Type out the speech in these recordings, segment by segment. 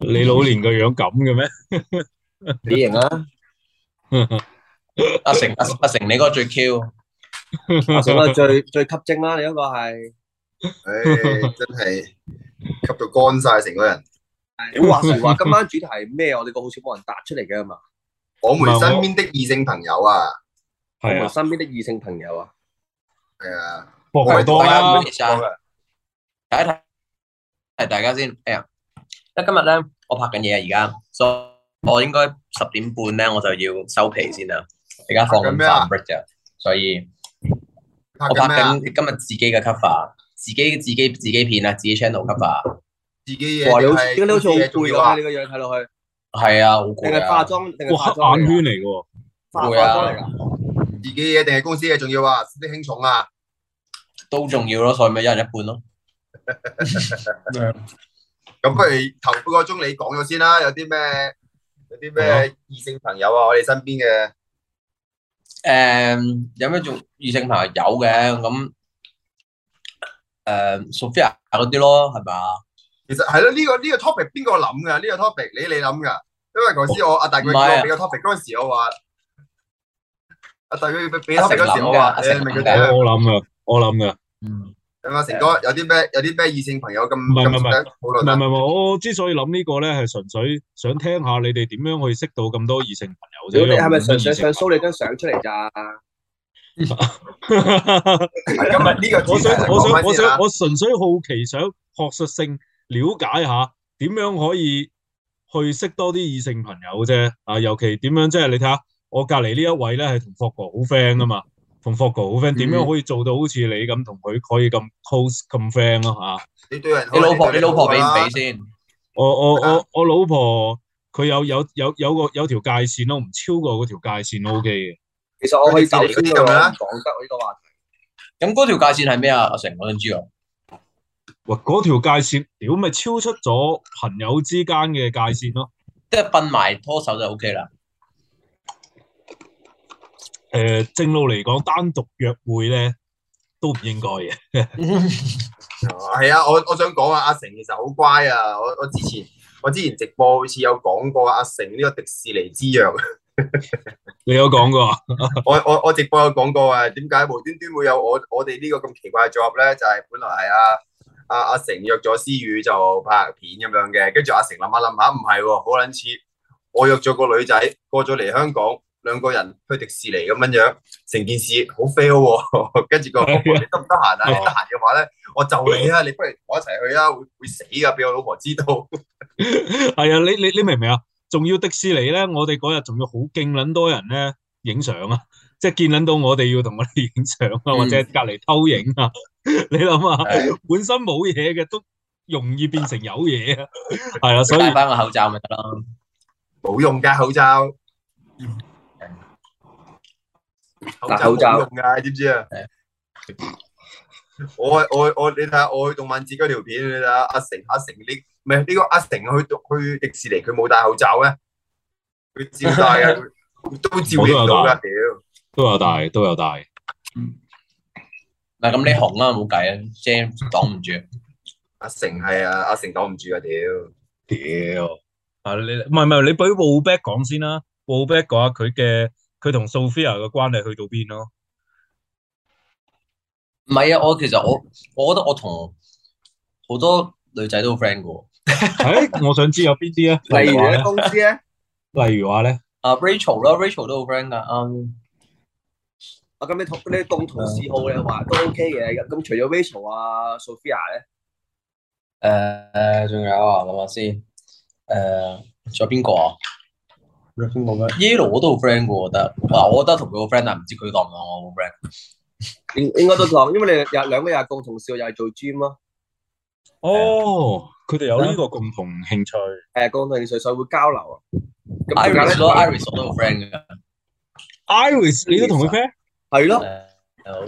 你老年個樣咁嘅咩？你型啦，阿成阿阿成，你嗰個最 Q，阿成最最吸睛啦！你嗰個係，唉真係吸到乾晒成個人。你話話今晚主題咩？我哋個好似冇人答出嚟嘅嘛？我們身邊的異性朋友啊，我們身邊的異性朋友啊，係啊，會多啦，係啊，睇睇睇睇嗰先，誒。今日咧，我拍緊嘢啊！而家，所我應該十點半咧，我就要收皮先啦。而家放緊咩啊？所以，我拍緊今日自己嘅 cover，自己自己自己片啊，自己 channel cover。自己嘢係，你都好似好攰啊！你個樣睇落去，係啊，好攰啊！定係化妝，定係化妝眼圈嚟㗎，化妝嚟㗎。自己嘢定係公司嘢，重要啊？啲輕重啊？都重要咯，所以咪一人一半咯。咁不如頭半個鐘你講咗先啦，有啲咩有啲咩異性朋友啊？我哋身邊嘅誒、嗯、有咩做異性朋友有嘅咁誒，Sophia 嗰啲咯，係咪啊？其實係咯，呢、呢個呢、呢個 topic 邊個諗嘅？呢、呢個 topic 你你諗㗎，因為頭先我阿我大佢俾個 topic 嗰陣是、啊、時，我話阿大佢俾 topic 嗰時，我話誒，我我諗嘅，我諗嘅，嗯。阿、嗯、成哥有啲咩有啲咩異性朋友咁？唔係唔係唔係唔係，我之所以諗呢個咧，係純粹想聽下你哋點樣去識到咁多異性朋友啫？你係咪純粹想 show 你張相出嚟咋？今日呢個？我想我想我想我純粹好奇想學術性了解下點樣可以去識多啲異性朋友啫？啊，尤其點樣即係、就是、你睇下我隔籬呢一位咧，係同霍哥好 friend 啊嘛。嗯同霍哥好 friend，點樣可以做到好似你咁同佢可以咁 close 咁 friend 咯吓？嗯、法你對人，你老婆，你，你老婆俾唔俾先？我我我我老婆，佢有有有有個有條界線咯，唔超過嗰條界線都 OK 嘅。其實我可以就呢啲嘢講得我呢個話題。咁嗰條界線係咩啊？阿成，我想知啊。喂，嗰條界線，屌咪超出咗朋友之間嘅界線咯，即係瞓埋拖手就 OK 啦。誒，正路嚟講，單獨約會咧都唔應該嘅。係 啊，啊，我我想講啊，阿成其實好乖啊。我我之前我之前直播好似有講過阿成呢個迪士尼之約。 你有講過？ 我我我直播有講過啊。點解無端端會有我我哋呢個咁奇怪嘅組合咧？就係、是、本來係阿阿阿成約咗思宇就拍片咁樣嘅。跟住阿成諗下諗下，唔係喎，好撚似我約咗個女仔過咗嚟香港。兩個人去迪士尼咁樣樣，成件事好 fail。跟住個老你得唔得閒啊？的你得閒嘅話咧，我就你啊，你不如同我一齊去啊，會會死噶，俾我老婆知道。係啊，你你你明唔明啊？仲要迪士尼咧，我哋嗰日仲要好勁，捻多人咧影相啊，即係見捻到我哋要同我哋影相啊，嗯、或者隔籬偷影啊。你諗下，的本身冇嘢嘅都容易變成有嘢啊。係啊， 所以戴翻個口罩咪得咯，冇用噶口罩。口罩好用噶，知唔知啊？我我我，你睇下我去動漫節嗰條片，你睇下阿成阿成，呢唔係呢個阿成去去迪士尼，佢冇戴口罩咩？佢照戴啊，佢都照戴啊！屌，都有戴，都有戴。嗱咁你紅啊，冇計啊，James 擋唔住。阿成係啊，阿成擋唔住啊！屌，屌，啊你唔係唔係你俾 Ober 講先啦，Ober 講下佢嘅。佢同 Sophia 嘅關係去到邊咯？唔係啊，我其實我我覺得我同好多女仔都好 friend 噶。誒，我想知有邊啲啊？例如你啲公司咧，例如話咧，阿 Rachel 咯，Rachel 都好 friend 噶。啊，咁你同嗰啲共同嗜好嘅話都 OK 嘅。咁除咗 Rachel 啊，Sophia 咧，誒誒，仲有啊，諗下先。誒，仲有邊個啊？Yellow 我都好 friend 噶，我覺得，嗱，我覺得同佢好 friend，但唔知佢當我，我好 friend。應應該都當，因為你哋廿兩個廿個同事，又係做 gym 咯。哦，佢哋有呢個共同興趣。係共同興趣，所以會交流。咁，Iris 我都好 friend 噶。Iris，你都同佢 friend？係咯，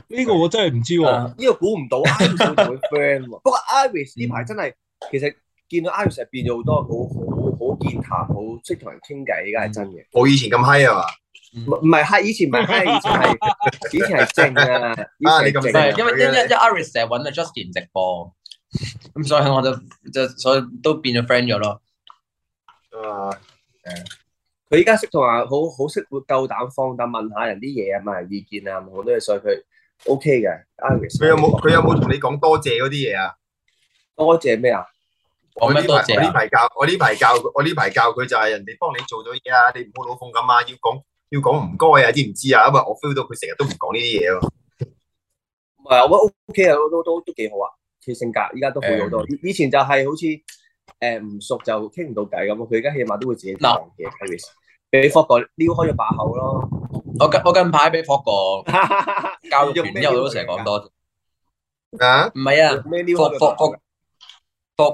呢個我真係唔知喎，呢個估唔到，Iris 同佢 friend 喎。不過 Iris 呢排真係，其實見到 Iris 入變咗好多，好好。好健談，好識同人傾偈，而家係真嘅。冇以前咁閪啊嘛？唔唔係閪，以前唔係閪，以前係以前係正啊！啊，你咁因為因因阿 Aris 成日揾阿 Justin 直播，咁 所以我就就所以都變咗 friend 咗咯。啊、uh, okay，係。佢依家識同話好好識，會夠膽放膽問下人啲嘢啊，問人意見啊，好多嘢，所以佢 OK 嘅。阿 Aris 佢有冇佢有冇同你講、啊、多謝嗰啲嘢啊？多謝咩啊？我呢排我呢排教我呢排教我呢排教佢就係人哋幫你做咗嘢啊，你唔好老奉咁啊，要講要講唔該啊，知唔知啊？因為我 feel 到佢成日都唔講呢啲嘢咯。唔係，我覺得 OK 啊，都都都幾好啊，佢性格依家都變咗好多。以前就係好似誒唔熟就傾唔到偈咁，佢而家起碼都會自己講嘢。Chris 俾 Frog 哥撩開咗把口咯。我我近排俾 Frog 哥教團之後都成日講多。啊？唔係啊，F Frog 哥。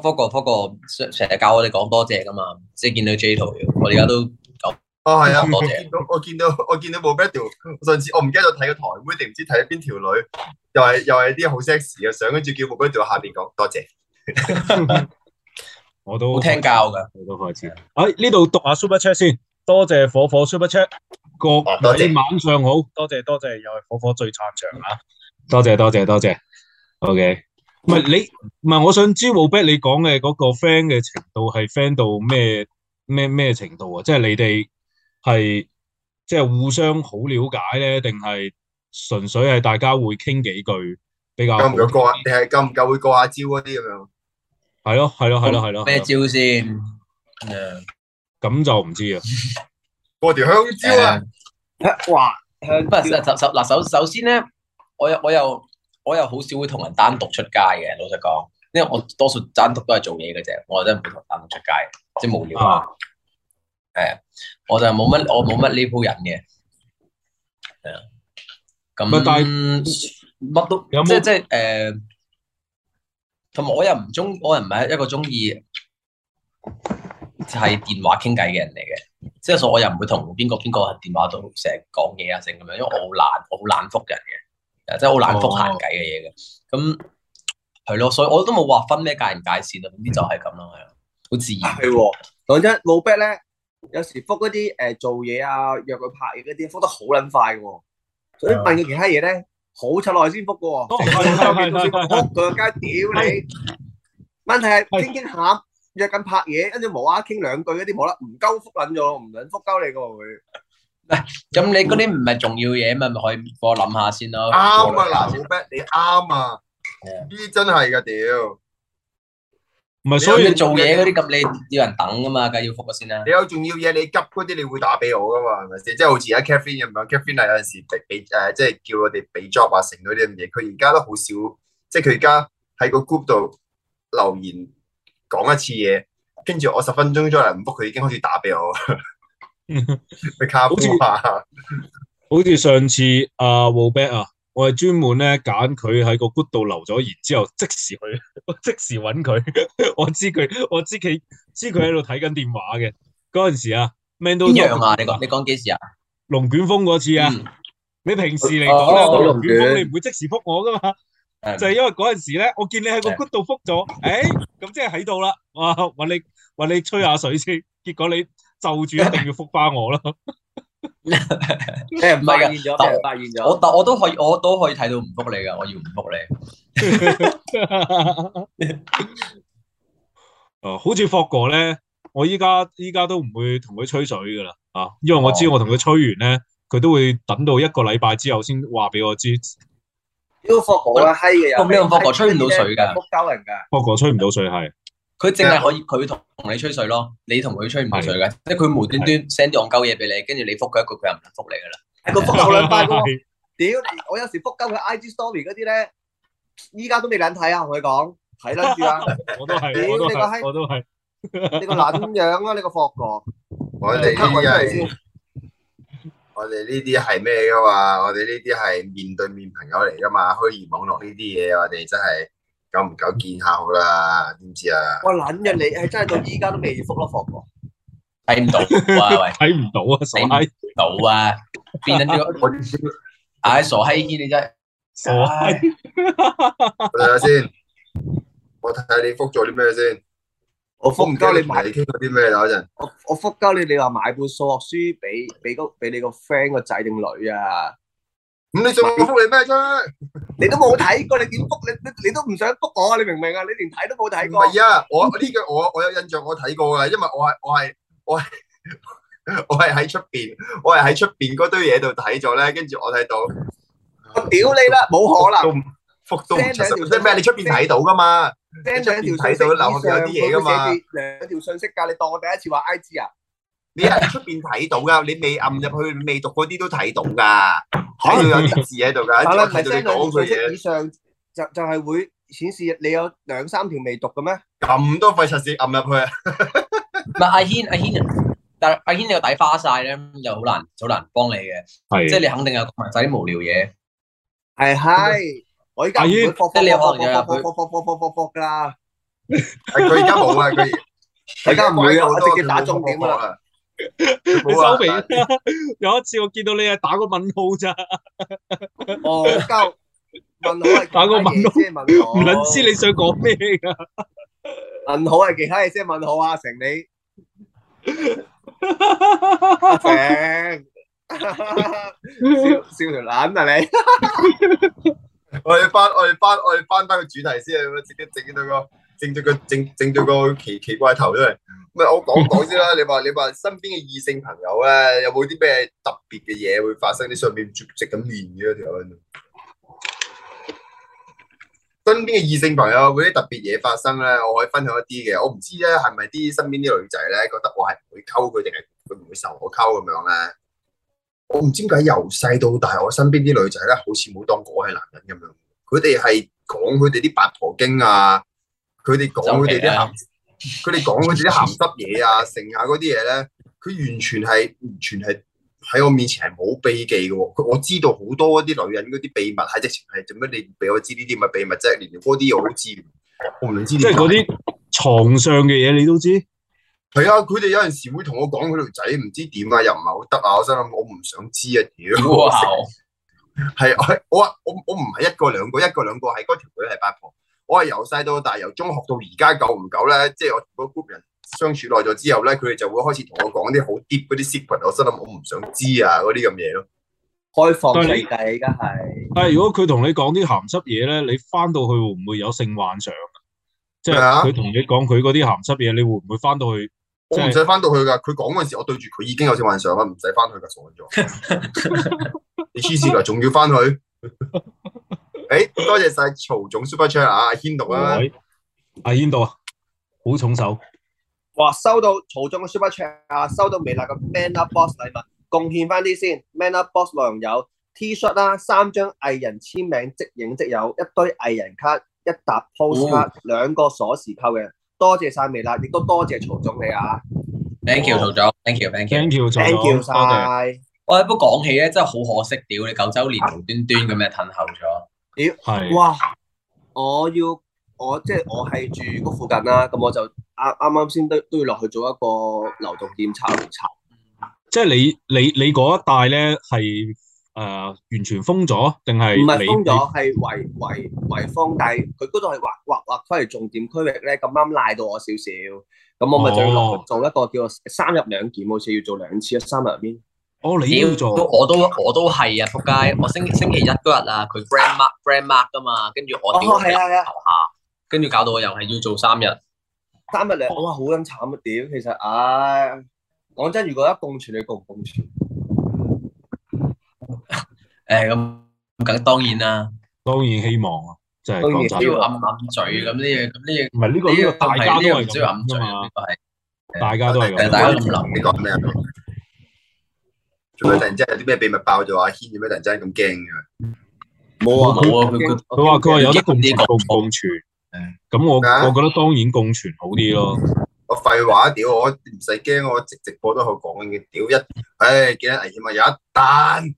不過不過成日教我哋講多謝噶嘛，即係見到 J 圖，我而家都咁。哦係啊，多謝我見到我見到部 video，上次我唔記得度睇個台妹定唔知睇咗邊條女，又係又係啲好 sexy 嘅相，跟住叫部 video 下邊講多謝。 我都。好聽教噶。我都開始。喺呢度讀下 super chat 先，多謝火火 super chat，各位晚上好，多謝多謝，多謝又係火火最插場啊多，多謝多謝多謝，OK。唔係你，唔係我想知 Woo Back 你講嘅嗰個 friend 嘅程度係 friend 到咩咩咩程度啊？即係你哋係即係互相好了解咧，定係純粹係大家會傾幾句比較？夠唔夠過？你係夠唔夠會過下招嗰啲咁樣？係咯係咯係咯係咯。咩招先？誒，咁就唔知啊！過條香蕉啊！哇！香蕉不就首嗱首首先咧，我又我又。我又好少會同人單獨出街嘅，老實講，因為我多數單獨都係做嘢嘅啫，我真係唔會同人單獨出街，即係無聊啊！誒，我就冇乜，我冇乜呢鋪人嘅，係啊，咁乜都即係即係誒，同、呃、埋我又唔中，我又唔係一個中意喺電話傾偈嘅人嚟嘅，即係所以我又唔會同邊個邊個喺電話度成日講嘢啊，成咁樣，因為我好懶，我好懶覆人嘅。真即係好難覆閒偈嘅嘢嘅，咁係咯，所以我都冇話分咩界唔界線啊，總之就係咁咯，係、嗯、啊，好自然。係，講真，老畢咧，有時覆嗰啲誒做嘢啊，約佢拍嘢嗰啲，覆得好撚快嘅、啊，所以問佢其他嘢咧，的好出耐先覆嘅喎。係係係。覆佢，梗係屌你！的問題係傾傾下，約緊拍嘢，跟住冇啦啦傾兩句嗰啲，冇啦，唔夠覆捻咗，唔捻覆鳩你個會、啊。喂，咁、啊、你嗰啲唔係重要嘢嘛，咪可以幫我諗下先咯？啱啊，嗱，好 b 你啱啊，呢對真係噶屌，唔係是有所以做嘢嗰啲咁，你有人等噶嘛，梗要覆先啦。你有重要嘢，要你急嗰啲，你會打俾我噶嘛？係咪先？即係好似而家 Catherine 咁樣，Catherine 有陣時俾誒，即係、呃、叫我哋俾 job 啊，成嗰啲咁嘢。佢而家都好少，即係佢而家喺個 group 度留言講一次嘢，跟住我十分鐘咗嚟，唔覆佢，已經開始打俾我。 嗯、好似上次阿 Wallback 啊，我係專門咧揀佢喺個 good 度留咗，然之後即時去，即時揾佢。我知佢，我知佢，知佢喺度睇緊電話嘅嗰陣時啊，man 都一樣啊。你講你講幾時啊？龍捲風嗰次啊，嗯、你平時嚟講咧龍捲風，你唔會即時覆我噶嘛？就係、是、因為嗰陣時咧，我見你喺個 good 度覆咗，誒的，咁即係喺度啦。我揾你，揾你吹下水先，結果你。就住一定要覆翻我咯 的，即係唔係噶，我發現咗，我我都可以，我都可以睇到唔覆你噶，我要唔覆你。哦 uh, 好似霍哥咧，我依家依家都唔會同佢吹水噶啦，啊，因為我知道我同佢吹完咧，佢、哦、都會等到一個禮拜之後先話俾我知。呢個霍哥啦係嘅有冇，霍哥吹唔到水噶，霍哥吹唔到水係。佢淨係可以佢同同你吹水咯，你同佢吹唔係水嘅，即係佢無端端 send 啲戇鳩嘢俾你，跟住你覆佢一句，佢又唔肯覆你噶啦。佢覆我兩百個，屌！我有時覆鳩佢 IG story 嗰啲咧，依家都未撚睇啊！同我講睇得住啊！我都係，我都係，你個閪，我都係，你個爛樣啊！你個霍哥，我哋呢係，我哋呢啲係咩噶嘛？我哋呢啲係面對面朋友嚟噶嘛？虛擬網絡呢啲嘢，我哋真係～夠唔夠見效啦，點知啊？我捻嘅你係真係到依家都未覆咯，霍哥睇唔到，睇唔到啊，睇唔到啊，變緊咗呢個唉傻閪啲你真傻閪，係咪先？我睇下你覆咗啲咩先？我覆唔到你埋傾過啲咩啊？一陣我我覆交你，你話買本數學書俾俾個俾你個 friend 個仔定女啊？咁你仲復你咩啫？你都冇睇過，你點復？你你你都唔想復我，你明唔明啊？你連睇都冇睇過。係啊，我呢個我我有印象，我睇過噶，因為我係我係我係我係喺出邊，我係喺出邊嗰堆嘢度睇咗咧，跟住我睇到我屌你啦，冇可能復都唔出十條咩？你出邊睇到噶嘛？send 條信息留有啲嘢噶嘛？兩條信息㗎，你當我第一次話 IG 啊？你喺出邊睇到噶，你未撳入去未讀嗰啲都睇到噶，肯定有啲字喺度噶。好啦，提醒你，二十以上就就係會顯示你有兩三條未讀嘅咩？咁多廢實事，撳入去啊！唔係阿軒，阿軒，但阿軒你個底花晒咧，又好難，好難幫你嘅。係，即係你肯定有埋晒啲無聊嘢。係係，我而家唔會，即係你可能有入去，卜卜卜卜卜卜卜噶。係佢而家冇啊！佢而家唔會啊！我直接打重點啊！你收皮啦！有，啊、有一次我見到你係打個問號咋？哦，問號係打個問號，唔捻知你想講咩噶？問號係其他嘢先問號啊，成你成笑條懶啊，啊，啊你！我哋翻我哋翻我哋翻翻個主題先啊！我自己整到個。正對個正正對個奇奇怪頭真係，唔係我講講先啦。你話你話身邊嘅異性朋友咧，有冇啲咩特別嘅嘢會發生？啲上面絕直咁面嘅嗰條。身邊嘅異性朋友嗰啲特別嘢發生咧，我可以分享一啲嘅。我唔知咧係咪啲身邊啲女仔咧覺得我係唔會溝佢，定係佢唔會受我溝咁樣咧？我唔知點解由細到大，我身邊啲女仔咧好似冇當我係男人咁樣。佢哋係講佢哋啲八婆經啊。佢哋講佢哋啲鹹，佢哋講佢哋啲鹹濕嘢啊，剩下嗰啲嘢咧，佢完全係完全係喺我面前係冇避忌嘅喎。我知道好多嗰啲女人嗰啲秘密係直情係做乜你唔俾我知呢啲咪秘密啫，連嗰啲我都知。我唔知點。即係嗰啲床上嘅嘢你都知？係 啊，佢哋有陣時會同我講佢條仔唔知點啊，又唔係好得啊，我心諗我唔想知啊！屌塞，係 我我我我唔係一個兩個，一個兩個係嗰條女係八婆。我係由細到大，由中學到而家，夠唔夠咧，即係我個 group 人相處耐咗之後咧，佢哋就會開始同我講啲好 deep 嗰啲 secret 我心諗我唔想知啊嗰啲咁嘢咯。開放底價梗係，對但係如果佢同你講啲鹹濕嘢咧，你翻到去會唔會有性幻想？即係佢同你講佢嗰啲鹹濕嘢，你會唔會翻到去？即係、我唔使翻到去㗎，佢講嗰陣時，我對住佢已經有性幻想啦，唔使翻去㗎，傻咗。 你黐線啊，仲要翻去？ 誒，多謝晒曹總 Super Chat 啊，軒度啊，阿軒度啊，好重手。哇，收到曹總嘅 Super Chat 啊，收到微辣嘅 Manner Box 禮物，貢獻翻啲先。Manner Box 內容有 T-shirt 啦，三張藝人簽名即影即有，一堆藝人卡，一沓 postcard，兩個鎖匙扣嘅。多謝晒微辣，亦都多謝曹總你啊。thank you 曹總，thank you，thank you，thank you，thank you 晒。喂，不過講起咧，真係好可惜，屌你九周年無端端咁樣褪後咗。屌，係、欸，哇，我要我即係我係住嗰附近啦，咁我就啱啱啱先都都要落去做一個流動檢查，嗯、查即係你你你嗰一帶咧係誒完全封咗定係，唔係封咗，係你圍圍圍封，但係佢嗰度係劃劃劃返嚟重點區域咧，咁啱賴到我少少，咁我咪就要落去做一、哦、做一個叫做三入兩檢，好似要做兩次啊，三入一邊。我你要做，我都我都係啊，仆街！我星星期一嗰日啊，佢 friend mark friend mark 噶嘛，跟住我哋喺樓下，跟住搞到我又係要做三日，三日嚟，哇，好撚慘啊！屌，其實，唉，講真，如果一共存，你共唔共存？誒，咁梗當然啦，當然希望啊，就係要諗諗嘴，咁呢嘢，咁呢嘢唔係呢個呢個大家都係咁樣噶嘛，係，大家都係大家諗諗，你講咩做咩突然之間有啲咩秘密爆咗？阿軒做咩突然之間咁驚嘅？冇啊冇啊，佢話佢話有得共存，共，共存。咁我我覺得當然共存好啲咯，嗯。我廢話，屌我唔使驚，我直直播都可講嘅。屌一，唉，哎，幾危險啊！有一單，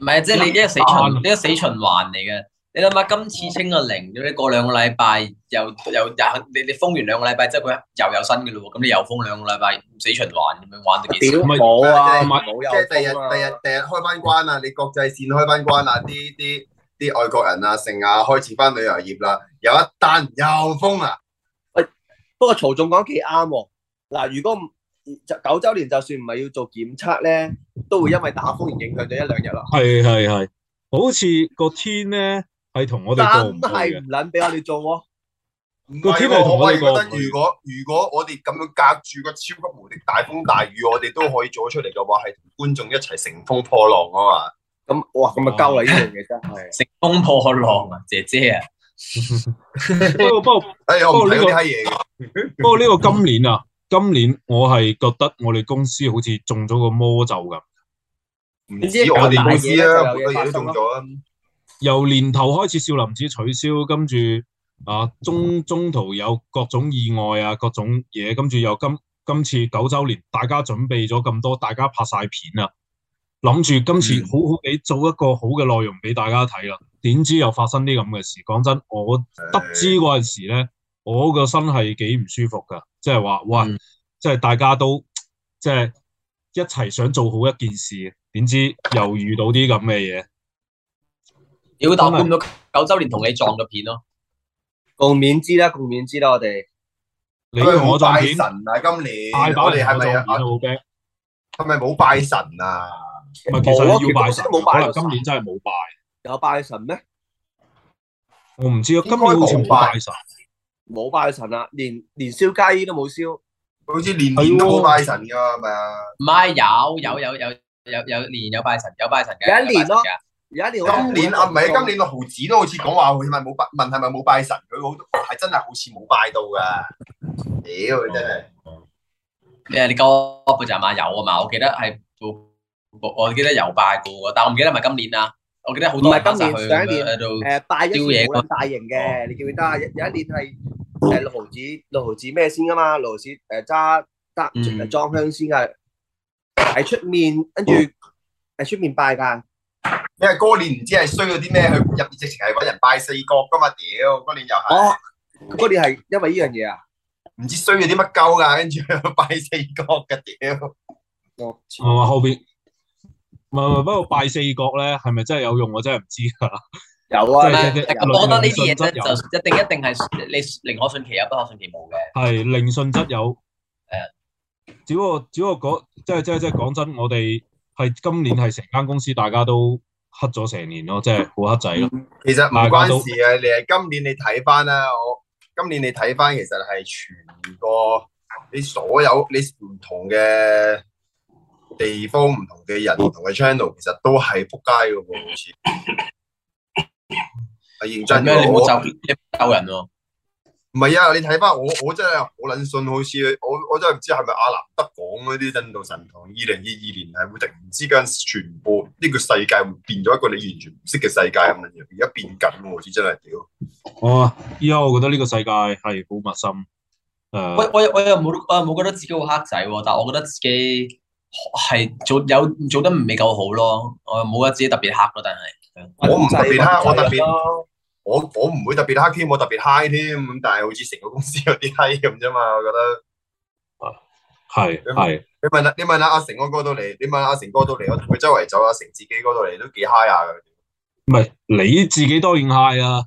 唔係啊，即係你呢個死循呢個死循環嚟嘅。你諗下，今次清個零，咁你過兩個禮拜又又又，你你封完兩個禮拜，即係佢又有新嘅咯喎，咁你又封兩個禮拜，死循環咁樣玩得幾少？唔好啊，即係第日第日第日開翻關啊，你國際線開翻關啊，啲啲啲外國人啊，成啊開始翻旅遊業啦，有一單又封啊。喂，不過曹仲講嘅幾啱，嗱，如果九周年就算唔係要做檢測咧，都會因為打風而影響咗一兩日咯。係係係，好似個天咧。係同我哋做嘅，真係唔捻俾我哋做啊！唔係，我哋覺得如果如果我哋咁樣隔住個超級無敵大風大雨，我哋都可以做出嚟嘅話，係同觀眾一齊乘風破浪啊嘛！咁哇，咁啊，交啊，呢樣嘢真係乘風破浪啊，姐姐啊！不過不過，哎呀，唔嘢。不過呢個今年啊，今年我係覺得我哋公司好似中咗個魔咒咁。唔知我哋公司啊，好多嘢都中咗。由年頭開始少林寺取消，跟住啊中中途有各種意外啊各種嘢，跟住又今今次九周年，大家準備咗咁多，大家拍晒片啦，諗住今次好好地做一個好嘅內容俾大家睇啦。點、嗯、知又發生啲咁嘅事，講真，我得知嗰陣時咧，我個心係幾唔舒服噶，即係話哇，即係、嗯、大家都即係、就是、一齊想做好一件事，點知又遇到啲咁嘅嘢。要打翻到九周年同你撞嘅片咯，共勉之啦，共勉之啦，我哋。你我撞拜神啊！今年拜寶年係咪啊？係咪冇拜神啊？其實要拜神，冇拜。今年真係冇拜。有拜神咩？我唔知啊，今年好似冇拜神。冇拜神啦，連連燒雞都冇燒，好似年年冇拜神噶，係咪啊？唔係，哦，有有有有有有年有，有，有，有拜神，有拜神嘅。有一年咯，啊。有一年，今年啊，唔係今年個豪子都好似講話，係咪冇拜？問係咪冇拜神？佢好多係真係好似冇拜到噶。屌，佢真係。咩啊？你高嗰陣買有啊嘛？我記得係，我我記得有拜過，但我唔記得係咪今年啦。我記得好多。唔係今年，上一年。誒，拜一次好大型嘅，你記唔記得啊？有有一年係誒六毫子，六毫子咩先吖嘛？六毫子誒揸搭裝香先啊，喺出面跟住喺出面拜噶。因為嗰年唔知係衰咗啲咩，去入面直情係搵人拜四角噶嘛，屌嗰年又係。哦、嗰年係因為呢樣嘢？啊？唔知衰咗啲乜鳩噶，跟住去拜四角嘅，屌。我、哦、後邊係不，不，不，不，不，不過拜四角咧，係咪真係有用？我真係唔知啊。有啊，講得呢啲嘢就一定一定係你寧可信其有，不可信其冇嘅。係寧信則有。誒的，只不過只不過講，即係即係即係講真，嗯、我哋。係今年係成間公司大家都黑咗成年咯，即係好黑仔咯。其實唔關事嘅，你係今年你睇翻啦，我今年你睇翻，其實係全個你所有你唔同嘅地方唔 同嘅人唔同嘅 channel，其實都係扑街㗎喎，好似係認真嘅咩？ 我你唔好就一斗人喎。唔係啊！你睇翻我，我真係好捻信，好似我我真係唔知係咪阿納德講嗰啲印度神童，二零二二年係會突然之間全部呢個世界變咗一個你完全唔識嘅世界咁樣，而家變緊喎，好似真係屌。我而家我覺得呢個世界係好陌生。誒，我我我又冇啊，冇覺得自己好黑仔喎，但係我覺得自己係做有做得唔未夠好咯，我又冇覺得自己特別黑咯，但係我唔特別黑，我特別。我我我唔會特別黑添，我特別嗨添咁，但係好似成個公司有啲 high 咁啫嘛，我覺得啊係係你問你問阿阿成哥到嚟，你問阿成哥到嚟，我同佢周圍走，阿成自己嗰度嚟都幾 high 啊，唔係你自己當然 high 啊，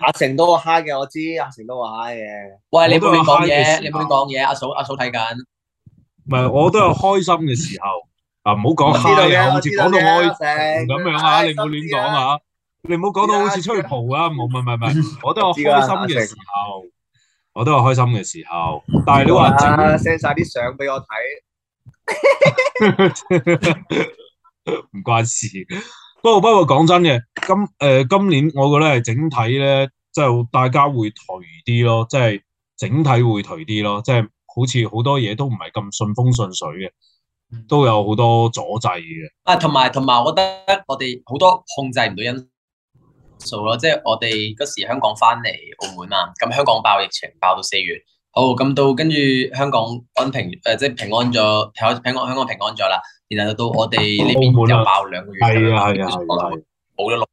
阿成都話 high 嘅，我知阿成都話嗨嘅。喂，你冇亂講嘢，你冇亂講嘢，阿嫂阿嫂睇緊，唔係我都有開心嘅時候啊，唔好講 high，好似講到我去咁樣啊，你冇亂講啊。你唔好講到好似出去蒲啊！冇係係係，有啊、我都係開心嘅時候，啊、我都係開心嘅時候。啊、但係你話整 send 晒啲相俾我睇，唔 關事。不過不過講真嘅，今誒、呃、今年我覺得係整體咧，就是、大家會頹啲咯，即、就、係、是、整體會頹啲咯，即、就、係、是、好似好多嘢都唔係咁順風順水嘅，都有好多阻滯嘅。啊，同埋同埋，我覺得我哋好多控制唔到因。數咯，即係我哋嗰時香港翻嚟澳門嘛，咁香港爆疫情爆到四月，好咁到跟住香港安平，誒即係平安咗，平平安香港平安咗啦，然後到我哋呢邊又爆兩個月，係啊係啊，冇得六，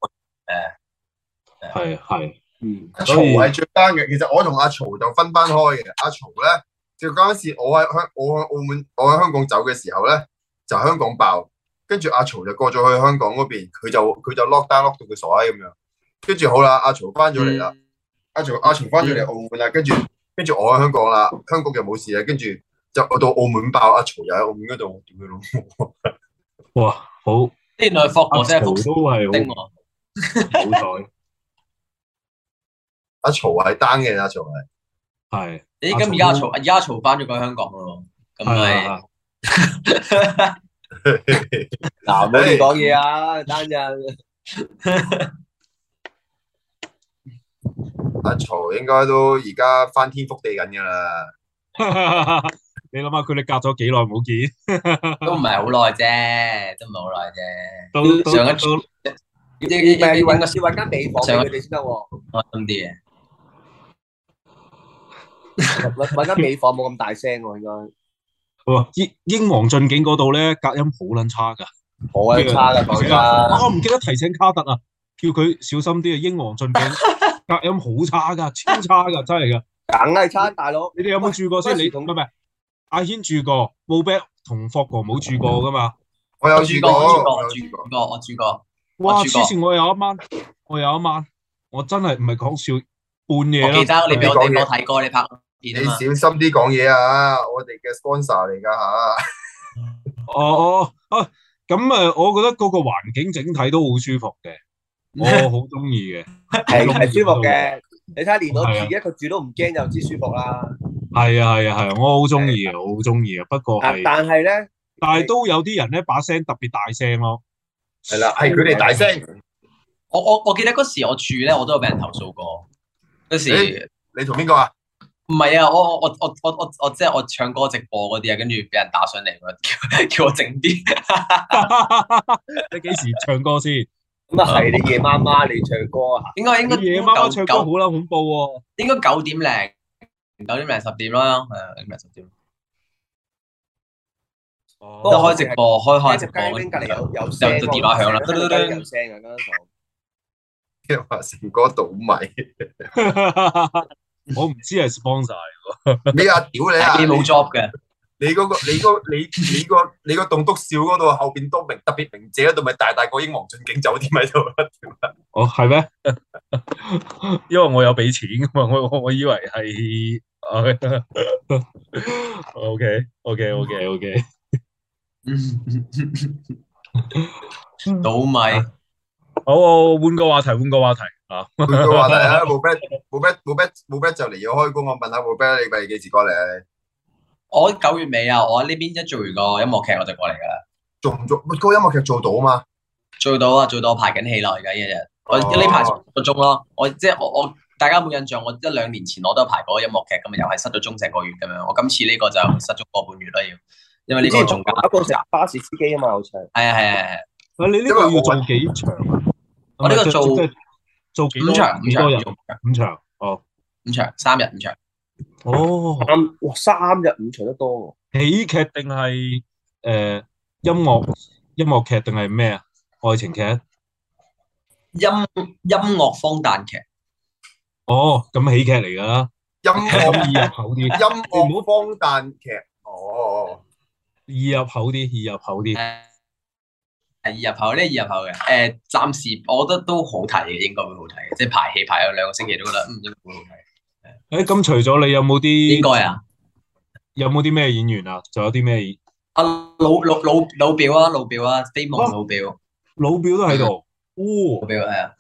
誒係係，嗯、啊，阿曹係最班嘅。其實我同阿、啊、曹就分班開嘅，阿、啊、曹咧，就嗰時我喺香我喺澳門我喺香港走嘅時候咧，就香港爆，跟住阿曹就過咗去香港嗰邊，佢就佢就 lock down lock down 到佢傻閪咁樣。跟住好啦，阿曹翻咗嚟啦，阿曹阿曹翻咗嚟澳門啦，跟住跟住我喺香港啦，香港又冇事啊，跟住就我到澳門爆，阿曹又喺澳門嗰度點樣咯？哇，好，原來伏魔聲伏都係好，好彩，阿曹係單嘅，阿曹係係，咦？而家阿曹阿阿曹翻咗過香港咯，咁咪嗱，唔好講嘢啊，單人。阿曹應該都而家翻天覆地緊噶啦，你諗下佢哋隔咗幾耐冇見，都唔係好耐啫，都唔係好耐啫。上一撮，你你你搵個先搵間美房俾佢哋先得喎，小心啲啊！搵搵間美房冇咁大聲喎，應該英皇進境嗰度咧，隔音好撚差噶，好差啦！我唔記得提醒卡特啊，叫佢小心啲啊！英皇進境。隔音好差噶，超差噶，真係噶，梗係差，大佬。你哋有冇住過先？你同咩？阿軒住過，冇 b a 同霍哥冇住過噶嘛？我有住過，我住過，我住過，我住過。哇！之前我有一晚，我有一晚，我真係唔係講笑，半夜。我記得你俾我哋冇睇過你拍，你小心啲講嘢啊！我哋嘅 sponsor 嚟噶吓。哦，咁啊，我覺得嗰個環境整體都好舒服嘅。我好中意嘅，係 舒服嘅。 你睇下連我自己，佢、啊、住都唔驚，就知、是、舒服啦。係啊係啊係啊，我好中意啊，好中意啊。不過係，但係咧，但係都有啲人咧，是啊、把聲特別大聲咯。係啦、啊，係佢哋大聲。我我我記得嗰時我住咧，我都有俾人投訴過。嗰時你同邊個啊？唔係啊，我我我我我我即係我唱歌直播嗰啲啊，跟住俾人打上嚟，叫 叫我靜啲。你幾時唱歌先？咁啊係，你夜媽媽你唱歌啊？應該應該，夜媽媽唱歌好啦，恐怖喎！應該九點零，九點零十點啦，係啊，九點零十點。不過開直播，開開直播。隔籬有有聲，電話響啦，嘟嘟嘟。有聲啊，跟住就。聽話成個倒咪，我唔知係 sponsor。你啊屌你，你冇 job 嘅。你嗰個，你嗰，你你個，你個棟篤笑嗰度後邊都明，特別鳴謝嗰度，咪大大個英皇駿景酒店喺度啊！哦，係咩？因為我有俾錢㗎嘛，我我我以為係。O K O K O K O K，嗯，倒米。好，換個話題，換個話題啊！換個話題啊！冇咩冇咩冇咩冇咩，就嚟要開工，我問下冇咩，你咪幾時過嚟？我九月尾啊，我呢邊一做完個音樂劇我就過嚟噶啦。做唔做？嗰、那個音樂劇做到啊嘛？做到啊，做到排緊戲咯，而家一日我呢排失咗鐘咯。我即係、oh. 我我大家冇印象，我一兩年前我都排嗰個音樂劇，咁又係失咗蹤成個月咁樣。我今次呢個就失咗個半月啦，要因為呢個，個。仲係重搞一個巴士司機啊嘛，好似係啊係係係。你呢個要做幾場？我呢個做做，幾做幾五場，五場，五場，五場，哦，五場，三日五場。哦，咁、哦，哇三日五場得多，喜劇定係誒音樂音樂劇定係咩啊？愛情劇？音音樂荒誕劇？哦，咁喜劇嚟噶，音樂易入口啲，音樂唔好荒誕劇，哦，易入口啲，易、uh, 入口啲，係易入口咧，易入口嘅，誒，暫時我覺得都好睇嘅，應該會好睇嘅，即、就、係、是、排戲排咗 兩個星期都覺得嗯應該會好睇。 誒，咁、欸，除咗你有冇啲？應該啊，有冇啲咩演員啊？仲有啲咩演員？阿、啊、老老老老表啊，老表啊，飛毛老表，啊、老表都喺度。嗯、哦，老表係啊，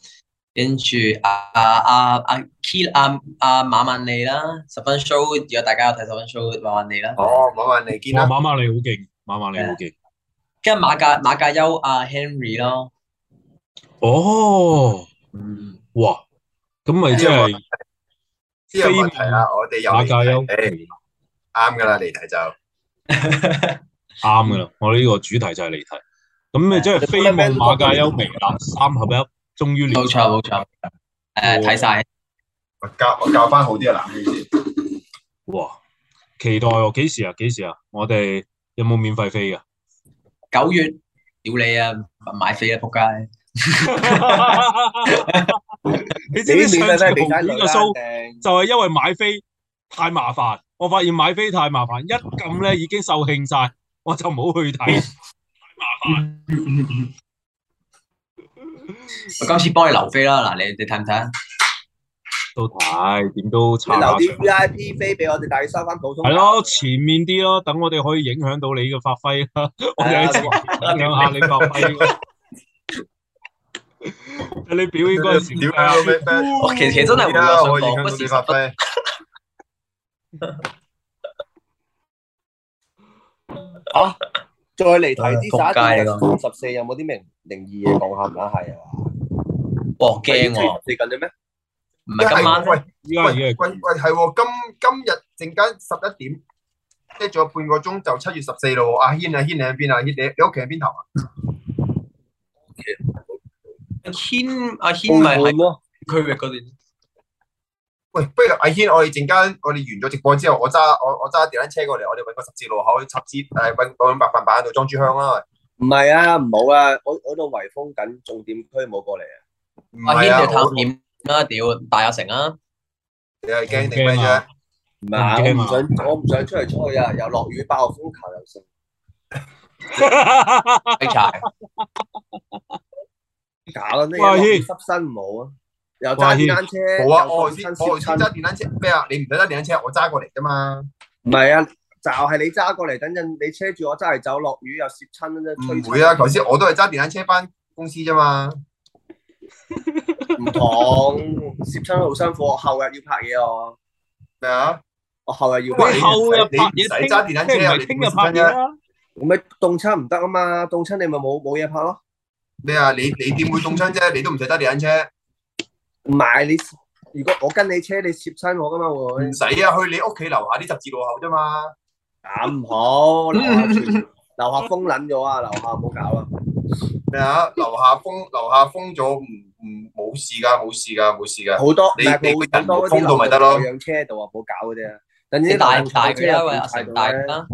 跟住阿阿阿阿 key 阿阿馬萬利啦，十分 show，如果大家有睇十分 show，馬萬利啦。哦，馬萬利見啦。馬萬利好勁，馬萬利好勁。跟馬格馬格休阿、啊、Henry 咯。哦，嗯，哇，咁咪即係。 呢個問題我哋有馬介休啱噶啦，離題就啱噶啦，我呢、欸、 個主題就係離題。咁你即係飛馬馬介休未啊？三合一終於嚟。冇錯冇錯，誒睇晒，教我，完我，我教翻好啲啊嗱。 哇！期待幾、啊、時啊？幾時啊？我哋有冇免費飛噶？九月屌你啊！買飛啊仆街！ 你知唔知上次紅煙個 show 就係因為買飛太麻煩，我發現買飛太麻煩，一撳咧已經售罄晒，我就唔好去睇。麻煩。我今次幫你留飛啦，嗱你看看你睇唔睇啊？都睇，點都差唔多留啲 V I P 飛俾我哋，大家收翻普通。係咯，前面啲咯，等我哋可以影響到你嘅發揮啦。哎、呀 我哋一次影響下你發揮。哎呀 你表演嗰陣時，我其實真係冇嘢想講。啊，再嚟睇啲啥？十四有冇啲咩靈異嘢講下？唔係啊，係嘛？我驚喎，你近咗咩？唔係今晚咧。喂喂喂，係今今日陣間十一點，即係仲有半個鐘就七月十四咯。阿軒阿軒你喺邊啊？你你屋企喺邊頭啊？阿軒，Applause, 阿軒咪係區域嗰邊。喂，不如阿軒，我哋陣間我哋完咗直播之後，我揸我我揸電單車過嚟，我哋搵個十字路口插支誒，搵搵白粉擺喺度裝柱香啦。唔係啊，唔好，好 theme, 啊，我我度圍封緊重點區，冇過嚟啊。阿軒就討厭啦，屌大阿成啊！你係驚定咩嘢？唔係想， 我唔想，我唔想出嚟出去啊！又落雨，八號風球又。哈哈哈假啦，呢個濕身唔好啊！又揸電單車，我先我先揸電單車咩啊？你唔使揸電單車，我揸過嚟啫嘛！唔係啊，就係你揸過嚟，等陣你車住我揸嚟走，落雨又攝親啫。唔會啊！頭先我都係揸電單車翻公司啫嘛。唔同攝親好辛苦，後日要拍嘢喎咩啊？我後日要拍。後日拍嘢，你你揸電單車你聽日拍嘢啦。你係凍親唔得啊嘛，凍親你咪冇冇嘢拍咯。咩啊？你你點會中槍啫？你都唔使得你單車。唔係你，如果我跟你車，你涉親我噶嘛？唔使啊，去你屋企樓下啲十字路口啫嘛。咁、啊、好，樓下， 下封捻咗啊，樓下唔好搞啊。咩啊？樓下封，樓下封咗，唔唔冇事噶，冇事噶，冇事噶。好多你不你等多啲咪得咯。養車度啊，唔好搞嗰啲啊。等陣大大車又大啦。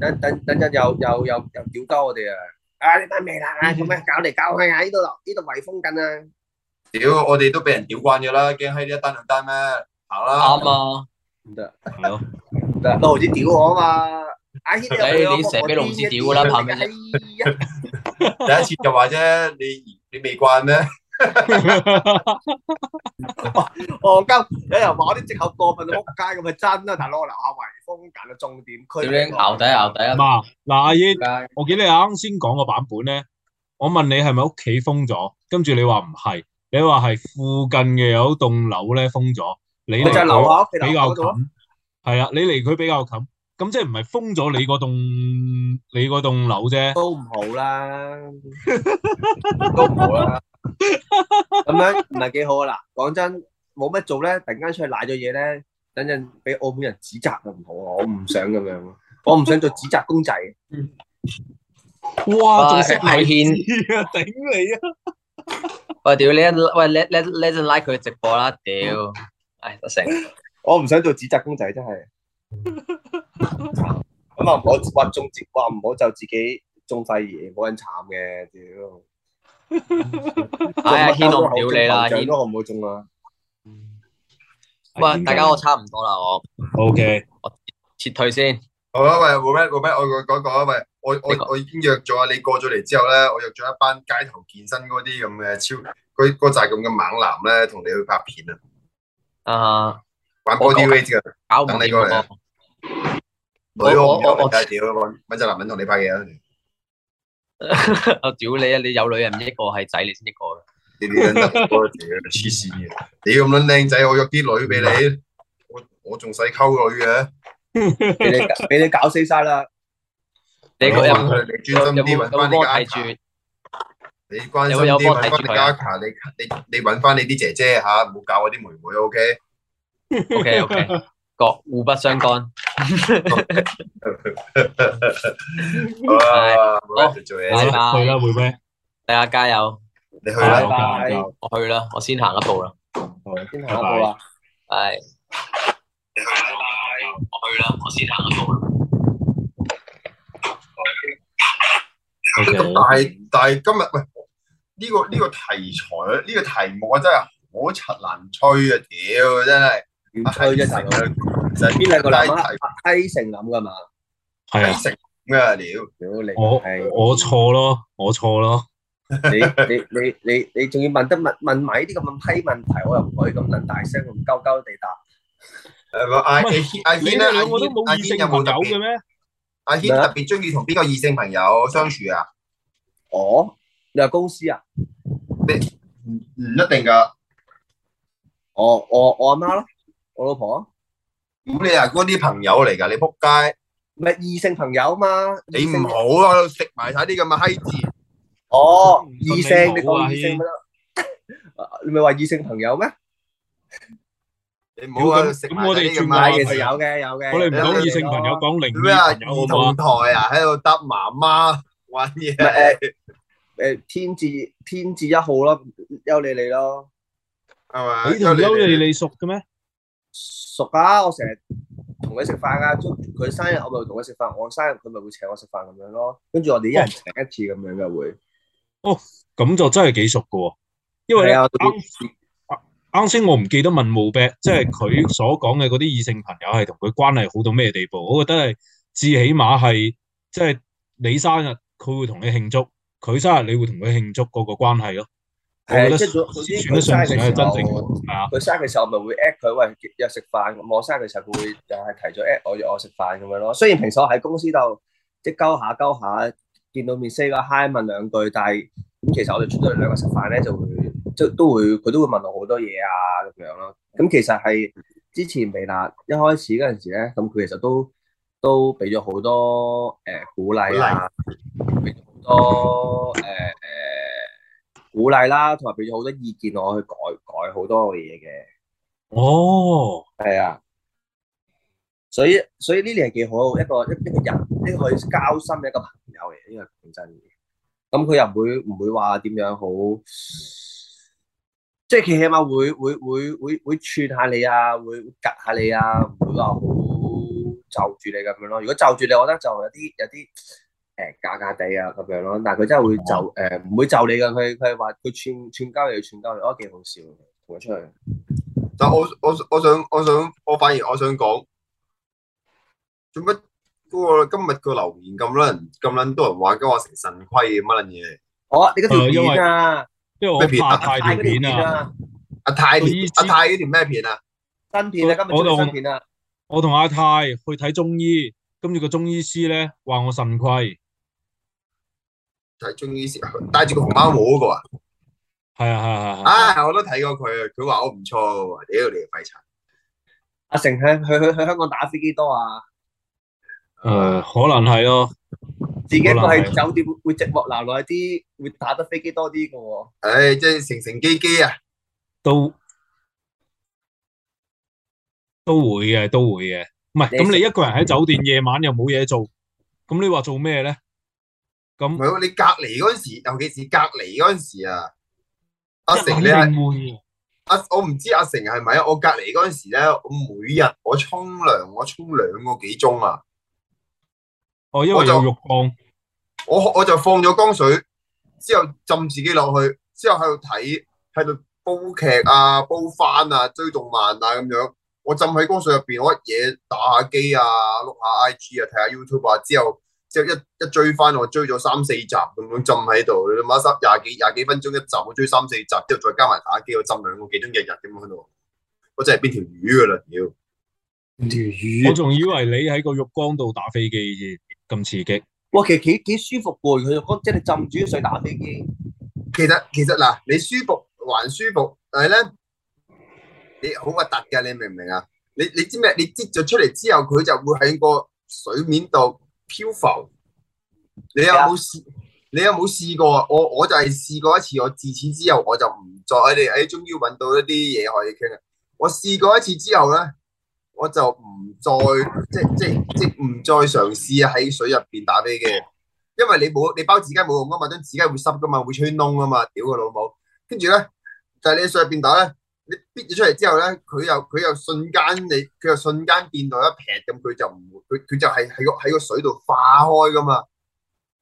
等等等陣又又又又屌鳩我哋啊！啊！你癲未啦？做咩搞嚟搞去啊？呢度呢度圍封緊啊！屌！我哋都俾人屌慣咗啦，驚閪你一單兩單咩？行啦！啱啊！唔得，唔得，老細屌我啊嘛！哎，你成日俾老細屌啦，怕咩啫？第一次，就話啫，你你未慣咩？黃金你又話我啲藉口過分到撲街咁咪真啊！大佬攞樓下圍封緊嘅重點區，佢後底後底。嗱，嗱，阿姨，我見你啱先講個版本咧，我問你係咪屋企封咗，跟住你話唔係，你話係附近嘅有棟樓咧封咗，你就係樓下屋企比較近，係啊，你離佢比較近，咁即係唔係封咗你嗰棟你嗰棟樓啫？都唔好啦，都唔好啦。咁樣唔係幾好啊！嗱，講真，冇乜做咧，突然間出去賴咗嘢咧，等陣俾澳門人指責就唔好，我唔想咁樣，我唔想做指責公仔。哇，仲食阿謙啊，頂、哎哎、你啊！喂、哎，屌你喂，你你你就拉佢直播啦！屌，唉，得成。我唔想做指責公仔，真係。慘、哎，咁、哎哎哎、我唔好話中招，話唔好就自己中肺炎，冇人慘嘅，屌、哎。阿、哎、呀，軒我唔屌你啦，而家我唔可中啊？喂，大家我差唔多啦，我 OK，我撤退先。好啦，喂冇咩？冇咩？我我講講啊，喂，我說說我我，我已經約咗啊，你過咗嚟之後咧，我約咗一班街頭健身嗰啲咁嘅超，嗰嗰扎咁嘅猛男咧，同你去拍片啊。啊，玩 bodyweight 嘅的，搞等你過嚟、那個。我我我屌，文咪就男人同你拍嘢 我屌你啊！你有女人唔一個係仔，你先一個 你。你點得？我屌你黐線嘅！你咁撚靚仔，我約啲女俾你。 我我仲使溝女嘅？俾你俾你搞死晒啦！你搵佢，有有他你專心啲搵翻啲阿卡你關心啲搵翻啲阿卡你你你搵翻你啲姐姐吓，唔好搞我啲妹妹。O K O K O K。互不相干。好，拜去啦，會咩？大家加油。你去啦，加油。去啦，我先行一步啦。先行一步啦。係。去啦，我先行一步啦。咁大，但係今日喂，呢個呢個題材，呢個題目啊，真係好柒難吹啊！屌，真係。就係邊兩個男？批成咁噶嘛？係啊，識咩料？屌屌你！我係我錯咯，我錯咯。你你你你你仲要問得問問埋呢啲咁嘅批問題，我又唔可以咁大聲，咁鳩鳩地答。誒，阿阿軒咧，阿軒有冇特別咩？阿軒特別中意同邊個異性朋友相處啊？哦，你話公司啊？你唔唔一定噶。我我我阿媽咯，我老婆。咁你啊，嗰啲朋友嚟噶，你仆街。唔係異性朋友嘛？你唔好喺度食埋晒啲咁嘅閪字。哦，異性，你講異性乜得？你咪話異性朋友咩？你唔好喺度食埋啲咁嘅。咁我哋轉買嘅時候有嘅，有嘅。我哋唔講異性朋友，講鄰居朋友啊。台啊，喺度得媽媽揾嘢。誒，天字天字一號啦，優利利咯，係嘛？你同優利利熟嘅咩？熟啊，我成日同佢食飯噶，佢生日我咪同佢食飯，我生日佢咪會請我食飯咁樣咯，跟住我哋一人請一次咁樣嘅、哦、會。哦，咁就真係幾熟噶，因為啱啱先我唔記得問毛病，即係佢所講嘅嗰啲異性朋友係同佢關係好到咩地步？我覺得係至起碼係，即係你生日佢會同你慶祝，佢生日你會同佢慶祝嗰個關係咯。誒，即係佢生嘅時候，佢、啊、生嘅時候咪會 at 佢，喂約食飯。我生嘅時候佢會又係提咗 at 我，約我食飯咁樣咯。雖然平時我喺公司度即係交下交下，見到面 say 個 hi 問兩句，但係咁其實我哋出嚟兩個食飯咧，就會即都會佢都會問我好多嘢啊咁樣咯。咁其實係之前未辣一開始嗰陣時咧，咁佢其實都都俾咗好多誒、呃、鼓勵啊，俾咗好多誒。呃呃鼓勵啦，同埋俾咗好多意見我去改改好多嘅嘢嘅。哦，係啊，所以所以呢啲係幾好，一個一一個人一個可以交心嘅一個朋友嚟，呢個講真嘅。咁佢又唔會唔會話點樣好，即係佢起碼會會會會會串下你啊，會夾下你啊，唔會話好就住你咁樣咯。如果就住你，我覺得就有啲有啲。假假地啊咁樣咯，但係佢真係會就誒，唔會就你㗎。佢佢係話佢串串交又串交，我覺得幾好笑，同佢出去。但係我我我想我想我反而我想講做乜？嗰個今日個留言咁撚咁撚多人話，我成腎虧咁乜撚嘢？我你嗰條片啊，咩片啊？阿泰條片啊，阿泰阿泰嗰條咩片啊？新片啊，今日最新片啊！我同阿泰去睇中醫，跟住個中醫師咧話我腎虧。睇中醫師戴住個紅包帽嗰個啊，係啊，係係係。啊，我都睇過佢，佢話我唔錯嘅喎，屌你個鬼殘！阿成喺去去去香港打飛機多啊？誒，可能係咯，自己一個喺酒店會寂寞，留耐啲，會打得飛機多啲嘅喎。唉，即係成成機機啊，都都會嘅，都會嘅。唔係咁，你一個人喺酒店夜晚又冇嘢做，咁你話做咩咧？唔係喎，你隔離嗰陣時，尤其是隔離嗰陣時啊，阿成你係，阿我唔知阿成係咪啊？我隔離嗰陣時咧，我每日我沖涼，我沖兩個幾鐘啊。哦，因為我浴缸，我就我，我就放咗缸水之後浸自己落去，之後喺度睇喺度煲劇啊、煲番啊、追動漫啊咁樣。我浸喺缸水入邊，我一嘢打下機啊、碌下 IG 啊、睇下 YouTube 啊，之後。即係一一追翻，我追咗三四集咁樣，浸喺度，你咪一集廿幾廿幾分鐘一集，我追三四集，之後再加埋打機，我浸兩個幾鐘日日咁喺度。我真係邊條魚噶啦，條魚。我仲以為你喺個浴缸度打飛機咁刺激。哇，其實幾幾舒服噃，佢浴缸，即係浸住啲水打飛機、嗯。其實其實嗱，你舒服還舒服，但係咧，你好核突噶，你明唔明啊？你你知咩？你擠咗出嚟之後，佢就會喺個水面度。漂浮，你有冇試？Yeah. 你有冇試過啊？我我就係試過一次，我自此之後我就唔再你哎，終於揾到一啲嘢可以傾啦。我試過一次之後咧，我就唔再即即即唔再嘗試喺水入邊打飛嘅，因為你冇你包紙巾冇用啊嘛，張紙巾會濕噶嘛，會穿窿噶嘛，屌個老母！跟住咧，就係、是、你喺水入邊打咧。你逼咗出嚟之後咧，佢又佢又瞬間，你佢又瞬間變到一劈咁，佢就唔會，佢佢就係喺個喺個水度化開噶嘛。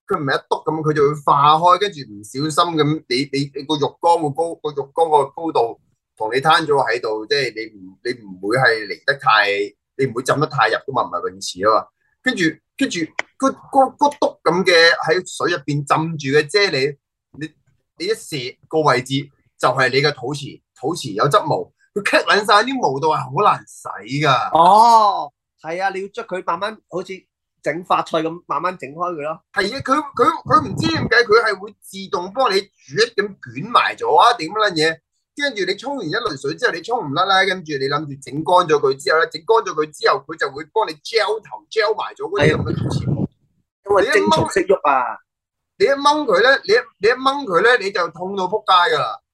佢唔係一篤咁，佢就會化開，跟住唔小心咁，你你你個浴缸個高個浴缸個高度同你攤咗喺度，即係你唔你唔會係離得太，你唔會浸得太入噶嘛，唔係泳池啊嘛。跟住跟住個個個篤咁嘅喺水入邊浸住嘅啫喱，你你一射個位置就係你嘅肚臍。保持有質毛，佢 cut 撚曬啲毛到係好難洗噶。哦，係啊，你要捽佢慢慢，好似整髮菜咁，慢慢整開佢咯。係啊，佢佢佢唔知點解，佢係會自動幫你煮一點卷埋咗啊？點樣嘢？跟住你沖完一輪水之後，你沖唔甩咧，跟住你諗住整乾咗佢之後咧，整乾咗佢之後，佢就會幫你 gel 頭 gel 埋咗嗰啲咁嘅質毛。因為、啊、你一掹食鬱啊！你一掹佢咧，你你一掹佢咧，你就痛到仆街噶啦～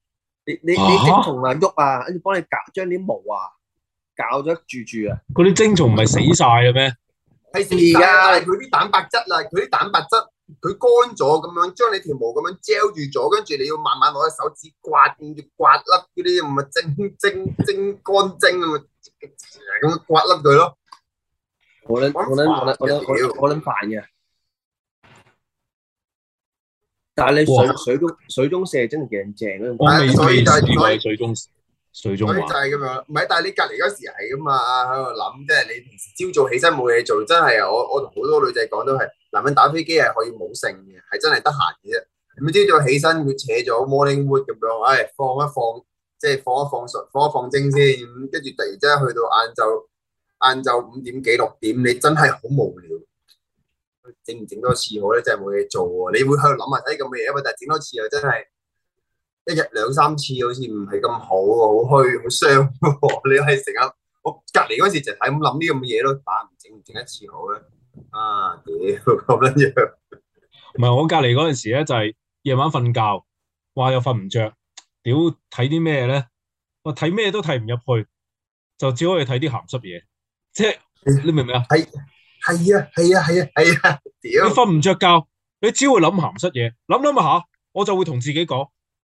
你你你精蟲啊喐啊，跟住幫你搞將啲毛啊搞咗住住啊。嗰啲精蟲唔係死晒嘅咩？係事呀，佢啲蛋白質啊，佢啲蛋白質佢乾咗咁樣，將你條毛咁樣膠住咗，跟住你要慢慢攞隻手指刮，跟住刮甩嗰啲唔係精精精乾精啊嘛，咁樣刮甩佢咯。我諗我諗我諗我諗我諗煩嘅。但係你水水中哇水中射真係幾正咧，所以就所以水中水中就係咁樣，唔係但係你隔籬嗰時係咁嘛，喺度諗，即係你平時朝早起身冇嘢做，真係啊！我我同好多女仔講都係，男人打飛機係可以冇性嘅，係真係得閒嘅啫。咁朝早起身會扯咗 morning wood 咁樣，唉，放一放，即係放一放純，放一放精先，跟住突然之間去到晏晝，晏晝五點幾六點，你真係好無聊。整唔整多次好咧，真係冇嘢做喎。你會去諗下啲咁嘅嘢啊嘛？但係整多次又真係一日兩三次，好似唔係咁好，好虛，好傷。 你係成日我隔籬嗰時就係咁諗啲咁嘅嘢咯，打唔整唔整一次好咧？啊，屌咁樣樣，唔係我隔籬嗰陣時咧，就係夜晚瞓覺，話又瞓唔着，屌睇啲咩咧？我睇咩都睇唔入去，就只可以睇啲鹹濕嘢，即係你明唔明啊？係啊，係啊，係啊，係啊！屌，你瞓唔着覺，你只會諗鹹濕嘢，諗諗下，我就會同自己講，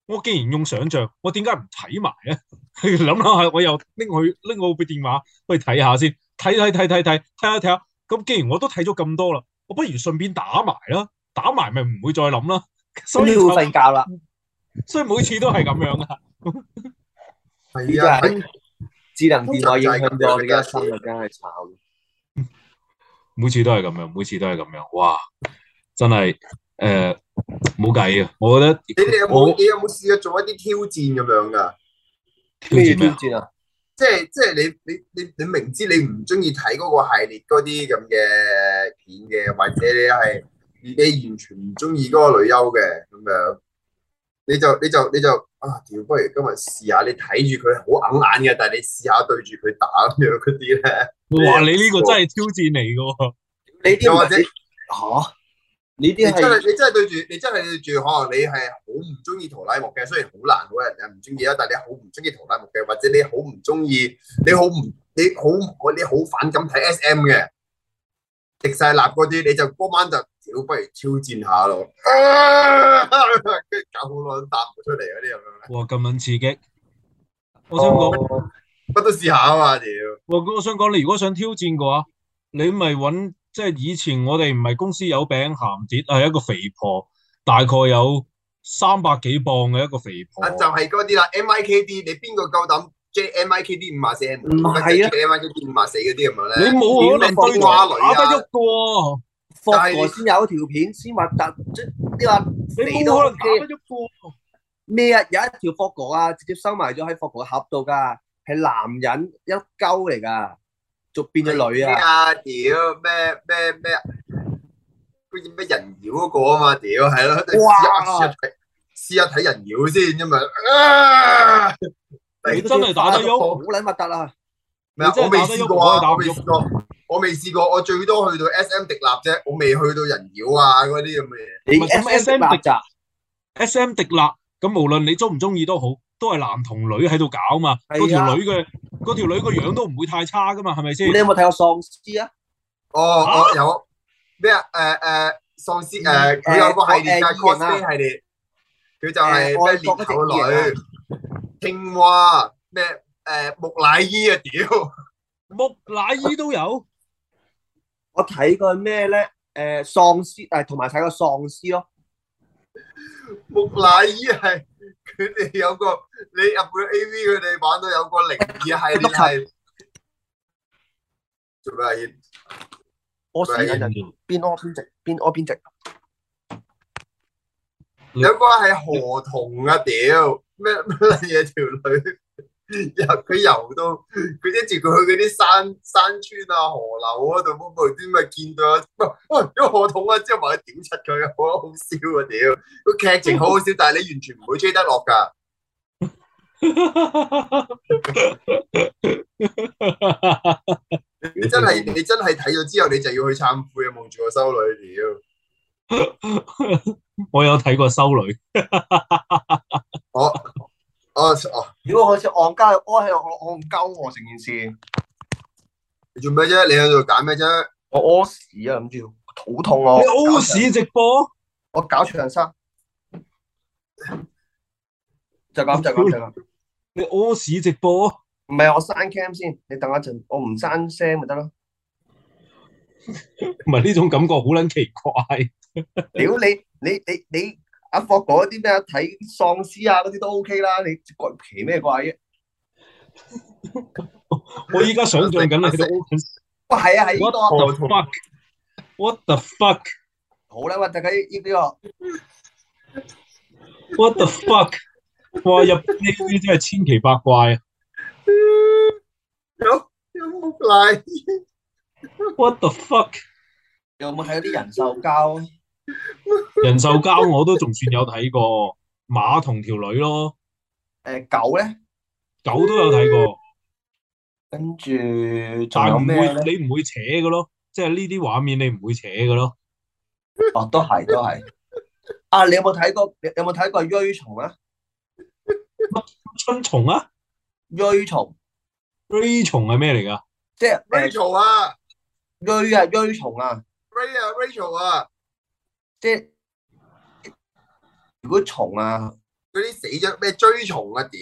我既然用想象，我點解唔睇埋咧？諗諗下，我又拎去拎我部電話去睇下先，睇睇睇睇睇睇下睇下，咁既然我都睇咗咁多啦，我不如順便打埋啦，打埋咪唔會再諗啦，所以要瞓覺啦，所以每次都係咁樣噶，係啊， 啊智能電話影響咗我而家生活，真係慘。每次都係咁樣，每次都係咁樣，哇！真係，誒、呃，冇計啊！我覺得你哋有冇你有冇我試過做一啲挑戰咁樣噶？咩挑,挑戰啊？即係即係你你你你明知你唔中意睇嗰個系列嗰啲咁嘅片嘅，或者你係自己完全唔中意嗰個女優嘅咁樣，你就你就你就,你就啊，調不如今日試下你睇住佢好硬眼嘅，但係你試下對住佢打咁樣啲咧。哇！你呢個真係挑戰嚟㗎喎，又或者嚇？呢啲係你真係你真係對住你真係對住，可能你係好唔中意塗鴉木嘅。雖然難好難，好多人唔中意啦，但係你好唔中意塗鴉木嘅，或者你好唔中意，你好唔你好，你好反感睇 S.M. 嘅，食晒辣嗰啲，你就嗰、那個、晚就，屌不如挑戰下咯。跟住搞好耐都答唔出嚟嗰啲咁樣。哇！咁撚刺激，哦、我想講。不得試下啊嘛，屌！我我想講，你如果想挑戰嘅話，你咪揾即係以前我哋唔係公司有餅鹹碟，係一個肥婆，大概有三百幾磅嘅一個肥婆。就係嗰啲啦，M I K D，你邊個夠膽 J M I K D 五萬四？唔係啊，J M I K D 五萬四嗰啲咁嘅咧。是是你冇可能打得喐個啊？哥打得喐過，伏哥先有條片先話得，即、就是、你話也、OK，你冇可能打得喐過。咩啊？有一條伏哥啊，直接收埋咗喺伏哥嘅盒度噶。係男人一鳩嚟噶，就變咗女啊！啊，屌咩咩咩，嗰啲咩人妖嗰個啊嘛，屌係咯，試下睇，試下睇人妖先，咁啊，你真係打得喐，好撚核突啊！咩啊？我未試過啊，我未試過，我未試過，我最多去到 S M 迪立啫，我未去到人妖啊，嗰啲咁嘅嘢。你 S M 迪立，S M 迪立，咁無論你中唔中意都好。都係男同女喺度搞嘛，嗰條、啊、女嘅嗰條女個樣都唔會太差噶嘛，係咪先？你有冇睇過喪屍、哦、啊？哦，呃呃嗯、有咩啊？誒誒，喪屍誒，佢有個系列 cosplay、呃 e、 系列，佢、呃、就係咩獵頭女、青蛙、e 啊、咩誒、呃、木乃伊啊屌！ 木乃伊都有， 我睇過咩咧？誒、呃，喪屍誒，同埋睇過喪屍咯，木乃伊係。 佢哋有個你日本 A.V. 佢哋玩到有個零二係，係做咩啊？邊屙邊直？邊屙邊直？有個係河童啊！屌咩咩嘢條女？然後佢游到，佢一直佢去嗰啲山山村啊、河流嗰度，冇冇啲咪見到啊？唔係、啊，因、啊、河桶啊，之後去檢測佢，啊！好好笑啊！屌，個劇情好好笑，但係你完全唔會追得落噶。你真係你真係睇咗之後，你就要去懺悔啊！望住個修女，屌，我有睇過修女，我。 Oh. 哦哦，如果好似我今日屙喺我我唔溝我成件事，你做咩啫？你喺度揀咩啫？我屙屎啊，諗住肚痛啊。你屙屎直播？我搞長生，就咁就咁就咁。你屙屎直播？唔係我刪 cam 先，你等一陣，我唔刪聲咪得咯。唔係呢種感覺好撚奇怪，屌你你你你。阿博講啲咩睇喪屍啊，嗰啲都 OK 啦。你奇怪奇咩怪啫？ 我依家想像緊喺度。哇，係啊，係呢、 呢個。What the fuck？What the fuck？好啦，我大家依呢個啊。What the fuck？哇，入呢啲真係千奇百怪啊！有有木乃伊？What the fuck？有冇睇啲人獸交啊？人獸交我都仲算有睇過馬同條女咯。誒，狗咧？狗都有睇過。跟住仲有咩咧？你唔會扯嘅咯，即係呢啲畫面你唔會扯嘅咯。哦，都係都係。啊，你有冇睇過？你有冇睇過？蠕蟲啊？春蟲啊？蠕蟲。蠕蟲係咩嚟噶？即係 ray 啊 ray 啊 ray 蟲啊，ray 啊，ray 啊，即係。如果蟲啊，嗰啲死咗咩追蟲啊？屌，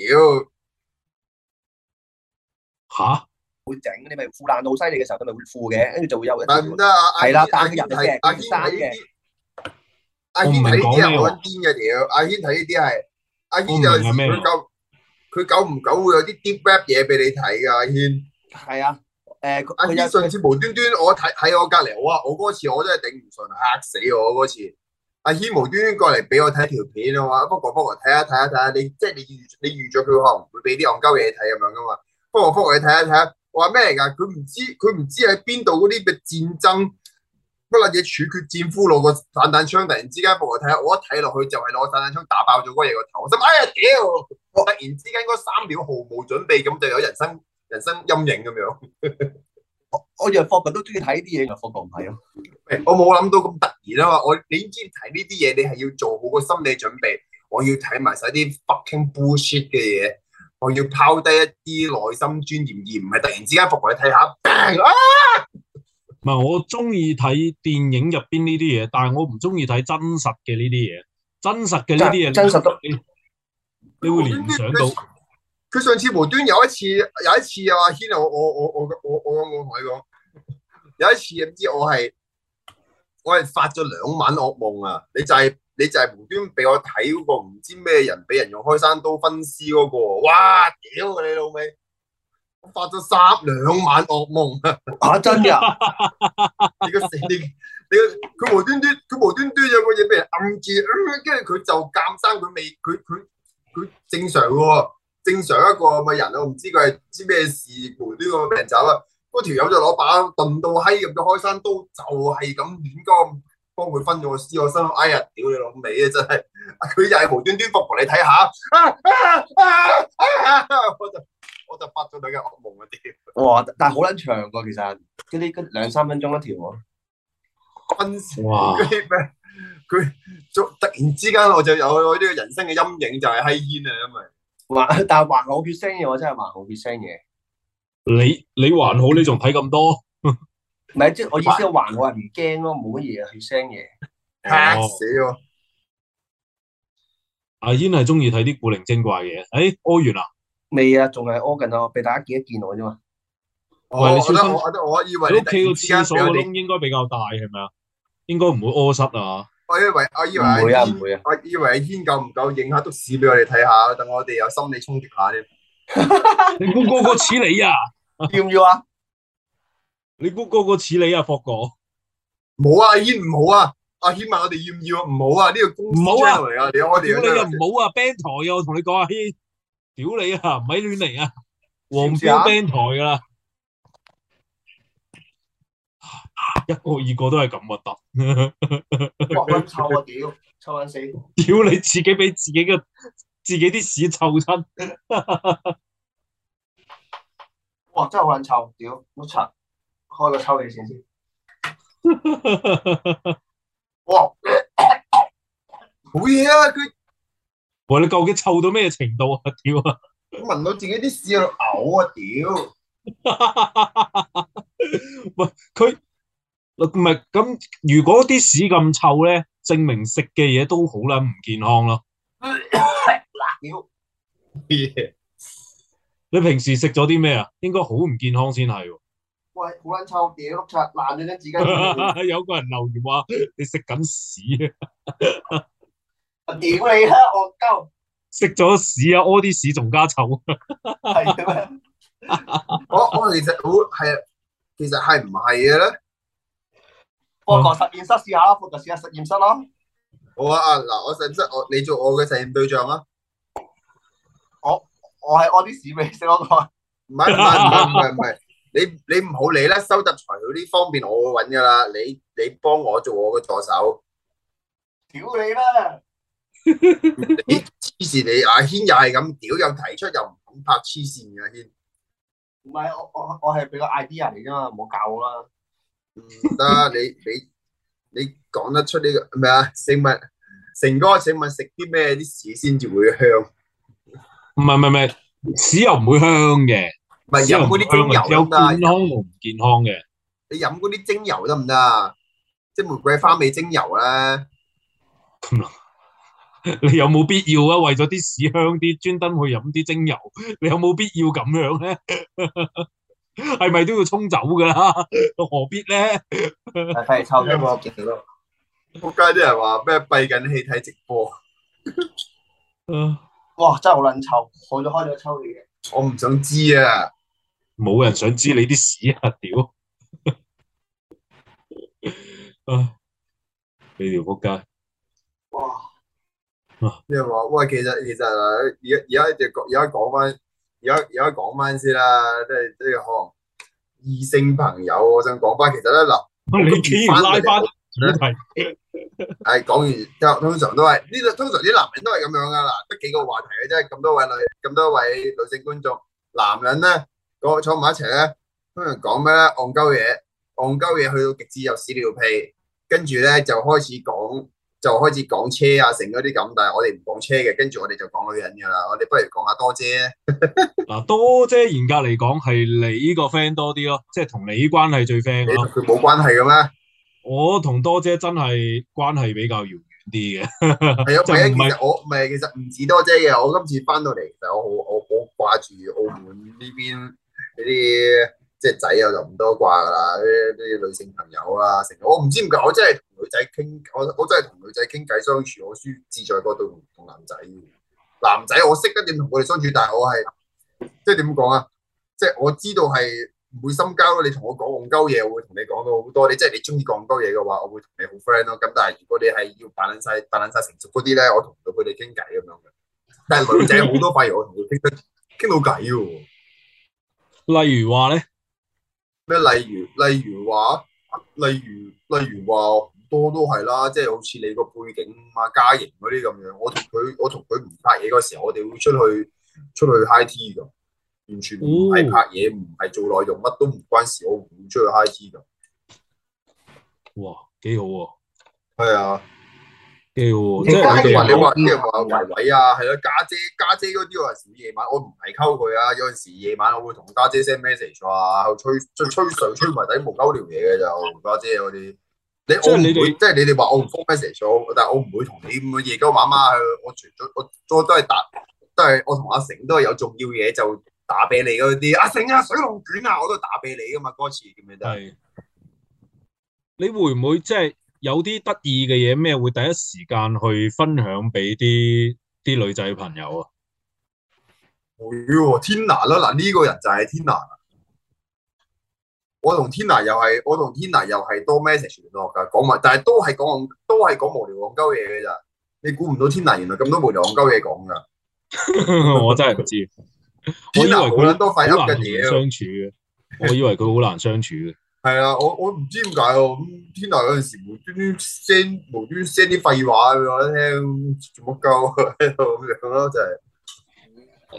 吓會整你咪腐爛到犀利嘅時候，佢咪會腐嘅，跟住就會有。但唔得啊！係啦，但係入嘅阿軒睇，阿軒睇呢啲係阿軒睇呢啲係，阿軒就佢久，佢久唔久會有啲 deep wrap 嘢俾你睇噶？阿軒係啊，誒，阿軒上次無端端我睇喺我隔籬，哇！我嗰次我真係頂唔順，嚇死我嗰次。阿軒無端端過嚟俾我睇條片啊嘛，幫我復我睇下睇下睇下，你即係你預你預咗佢可能唔會俾啲戇鳩嘢睇咁樣噶嘛，幫我復我你睇下睇下，我話咩嚟噶？佢唔知佢唔知喺邊度嗰啲嘅戰爭不爛嘢處決戰俘攞個散彈槍，突然之間幫我睇下，我一睇落去就係、是、攞散彈槍打爆咗嗰嘢個頭，我心哎呀屌！我突然之間嗰三秒毫無準備咁就有人生人生陰影咁樣。 我日霍日都中意睇呢啲嘢，日復日唔係啊。我冇諗到咁突然啦嘛！我點知睇呢啲嘢，你係要做好個心理準備。我要睇埋晒啲 fucking bullshit 嘅嘢，我要拋低一啲內心尊嚴，而唔係突然之間復我你睇下。唔係、啊、我中意睇電影入邊呢啲嘢，但係我唔中意睇真實嘅呢啲嘢。真實嘅呢啲嘢，真實都你會聯想到。佢上次無端有一次，有一次阿軒、啊，我我我我我我我同你講，有一次唔知我係我係發咗兩晚噩夢啊！你就係、是、你就係無端俾我睇嗰、那個唔知咩人俾人用開山刀分屍嗰、那個，哇！屌你老味，發咗三兩晚噩夢啊！嚇真噶？ 你個死你你佢無端端佢無端端有個嘢俾人暗住，跟住佢就鑑生佢未佢佢佢正常嘅喎。正常一個咪人，我唔知佢係知咩事，陪呢個病人走啦。嗰條友就攞把鈍到閪咁嘅開山刀，就係咁亂幫幫佢分咗個屍。我心諗：哎呀，屌你老味啊！真、啊、係，佢又係無端端復我嚟睇下。我就我就發咗兩嘅噩夢啊！屌。哇！但係好撚長㗎，其實嗰啲嗰兩三分鐘一條喎。啊哇！佢突然之間我就有有呢個人生嘅陰影，就係、是、閪煙啊，因為。但係還好血腥嘢，我真係還好血腥嘢。你你還好，你仲睇咁多？唔 係，即、就、係、是、我意思我，還好係唔驚咯，冇乜嘢血腥嘢。吓死我！哦、阿嫣係中意睇啲古靈精怪嘢。哎、欸，屙完啦？未啊，仲係屙緊啊，俾大家見一見我啫嘛。哦，喂，你小心！我覺得我，我以為，你屋企個廁所窿，應該比較大係咪你啊？應該唔會屙濕啊。我以為我以為唔會啊，唔會啊。我以為、啊、阿軒姨、啊、夠唔夠影下督屎俾我哋睇下，等我哋有心理衝擊下咧。 你估個個似你啊？ 要唔要啊？你估個個似你啊？霍哥，冇啊，阿軒唔好啊，阿軒問我哋要唔要，唔好啊，呢、這個公好啊，㗎，屌你又唔好啊，band 台又同你講阿軒，屌你啊，唔使亂嚟啊，黃標 band 台㗎啦。一個二個都係咁核突，哇！真臭啊，屌，臭緊死！屌你自己俾自己嘅自己啲屎臭親，哇！真係好捻臭，屌好臭，開個抽氣扇先。咳咳咳啊、哇！好嘢啊佢，喂，你究竟臭到咩程度啊？屌啊！聞到自己啲屎喺度嘔啊屌！喂，佢。 唔係咁，如果啲屎咁臭咧，證明食嘅嘢都好撚唔健康咯。辣、 yeah. 你平時食咗啲咩啊？應該好唔健康先係。喂，好撚臭，屌碌柒爛咗張紙巾。自己 有個人留言話你食緊屎啊！屌你啦，我 鳩！食咗屎啊，屙啲屎仲加臭。係我我其實好係，其實係唔係咧？播個實驗室試下啊，播個試下實驗室咯。好啊，嗱，我實驗室我你做我嘅實驗對象啊。我我係我啲屎味先，我講。唔係唔係唔係唔係，你你唔好理啦。收集材料呢方面我會搵噶啦，你你幫我做我嘅助手。屌你啦！黐線你阿軒又係咁屌又提出又唔肯拍黐線嘅阿軒。唔係我我我係俾個 idea 人嚟啫嘛，唔好教我啦。唔得，你你你講得出呢個係咪啊？請問成哥，請問食啲咩啲屎先至會香？唔係唔係唔係，屎又唔會香嘅。唔係飲嗰啲精油啦，有健康同唔健康嘅。你飲嗰啲精油得唔得啊？即玫瑰花味精油咧，咁咯。你有冇必要啊？為咗啲屎香啲，專登去飲啲精油，你有冇必要咁樣咧？係咪都要沖走噶啦？何必咧？係臭嘅我見到，撲街啲人話咩閉緊氣睇直播，嗯， 哇真係好捻臭，我仲開咗抽氣。我唔想知啊，冇人想知你啲屎啊，屌、啊，你條撲街，哇，咩話？喂，其實其實而家而家講而家講翻。而家而家講翻先啦，即係即係可能異性朋友，我想講翻其實咧，嗱，你竟然拉翻係講完，即係 通常都係呢度，通常啲男人都係咁樣噶喇，得幾個話題嘅啫，咁多位女，咁多位女性觀眾，男人咧坐埋一齊咧，通常講咩咧？戇鳩嘢，戇鳩嘢去到極致有屎尿屁，跟住咧就開始講。就開始講車啊，成嗰啲咁，但係我哋唔講車嘅，跟住我哋就講女人㗎啦。我哋不如講下多， 多姐。嗱，多姐嚴格嚟講係你依個 friend 多啲咯，即係同你關係最 friend 咯，啊。你同佢冇關係嘅咩？我同多姐真係關係比較遙遠啲嘅。係 啊，唔係其實我唔係其實唔止多姐嘅，我今次翻到嚟，其實我、啊、其實的我，我好我好掛住澳門呢邊啲。即係仔我就唔多掛㗎啦，啲女性朋友啊，成日我唔知點解，我真係同女仔傾，我我真係同女仔傾偈相處，我舒服自在過同同男仔。男仔我識得點同佢哋相處，但係我係即係點講啊？即係我知道係唔會深交咯。你同我講咁鳩嘢，我會同你講到好多。你即係你中意講咁鳩嘢嘅話，我會同你好 friend 咯。咁但係如果你係要扮撚曬、扮撚曬成熟嗰啲咧，我同到佢哋傾偈咁樣。但係女仔好多廢，我同佢傾得傾到偈喎。例如話咧？即例如，例如話，例如，例如話，好多都係啦。即係好似你個背景啊、家營嗰啲咁樣。我同佢，我同佢唔拍嘢嗰時候，我哋會出去出去 high tea 㗎。完全唔係拍嘢，唔係、嗯、做內容，乜都唔關事。我唔會出去 high tea 㗎。哇，幾好喎！係啊。屌，即係話你話，即係話維維啊，係咯家姐，家姐嗰啲我有時夜晚，我唔係溝佢啊，有陣時夜晚我會同家姐 send message 啊，吹，吹水，吹埋底無鳩料嘢嘅就家姐嗰啲。你我唔會你即係你哋話我唔發 message，但係我唔會同你咁嘅，夜鳩晚媽去。我除咗，我都我都係打，都係我同阿成都係有重要嘢就打俾你嗰啲。阿成啊，水龍捲啊，我都打俾你噶嘛，歌詞咁樣都係。你會唔會即係？有啲得意嘅嘢咩，會第一時間去分享俾啲啲女仔朋友啊？哦，天娜啦，嗱呢個人就係天娜。我同天娜又係我同天娜又係多 message 聯絡噶，講埋，但係都係講都係講無聊戇鳩嘢嘅咋。你估唔到天娜原來咁多無聊戇鳩嘢講噶。 我真係唔知。天娜好多快樂嘅嘢相處嘅， 我以為佢好難相處嘅。係啊，我我唔知點解哦。咁天娜有陣時無端端 send 無端端 send 啲廢話俾我聽，做乜鳩喺度咁樣咯？就係、是，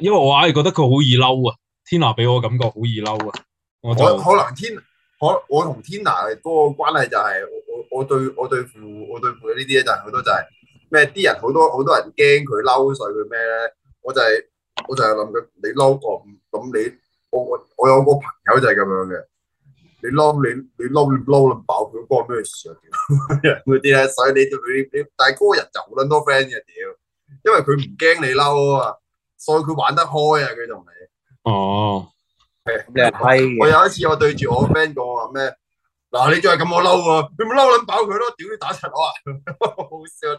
因為我硬係覺得佢好易嬲啊。天娜俾我感覺好易嬲啊。我，我可能天可我同天娜嗰個關係就係、是、我我我對我對付我對付呢啲嘢，就係、是、好多就係咩啲人好多好多人驚佢嬲，所以佢咩咧？我就係、是、我就係諗佢你嬲過咁咁你我我我有個朋友就係咁樣嘅。你嬲你你嬲你嬲，你爆佢關我咩事啊？屌啲咧，所以你你你，但係嗰個人就好撚多 friend 嘅，屌！因為佢唔驚你嬲啊嘛，所以佢玩得開啊，佢同你。哦，係咩閪？我有一次我對住我 friend 講話咩？嗱，你再係咁，我嬲啊，你咪嬲撚爆佢咯，屌你打柒我啊！好笑，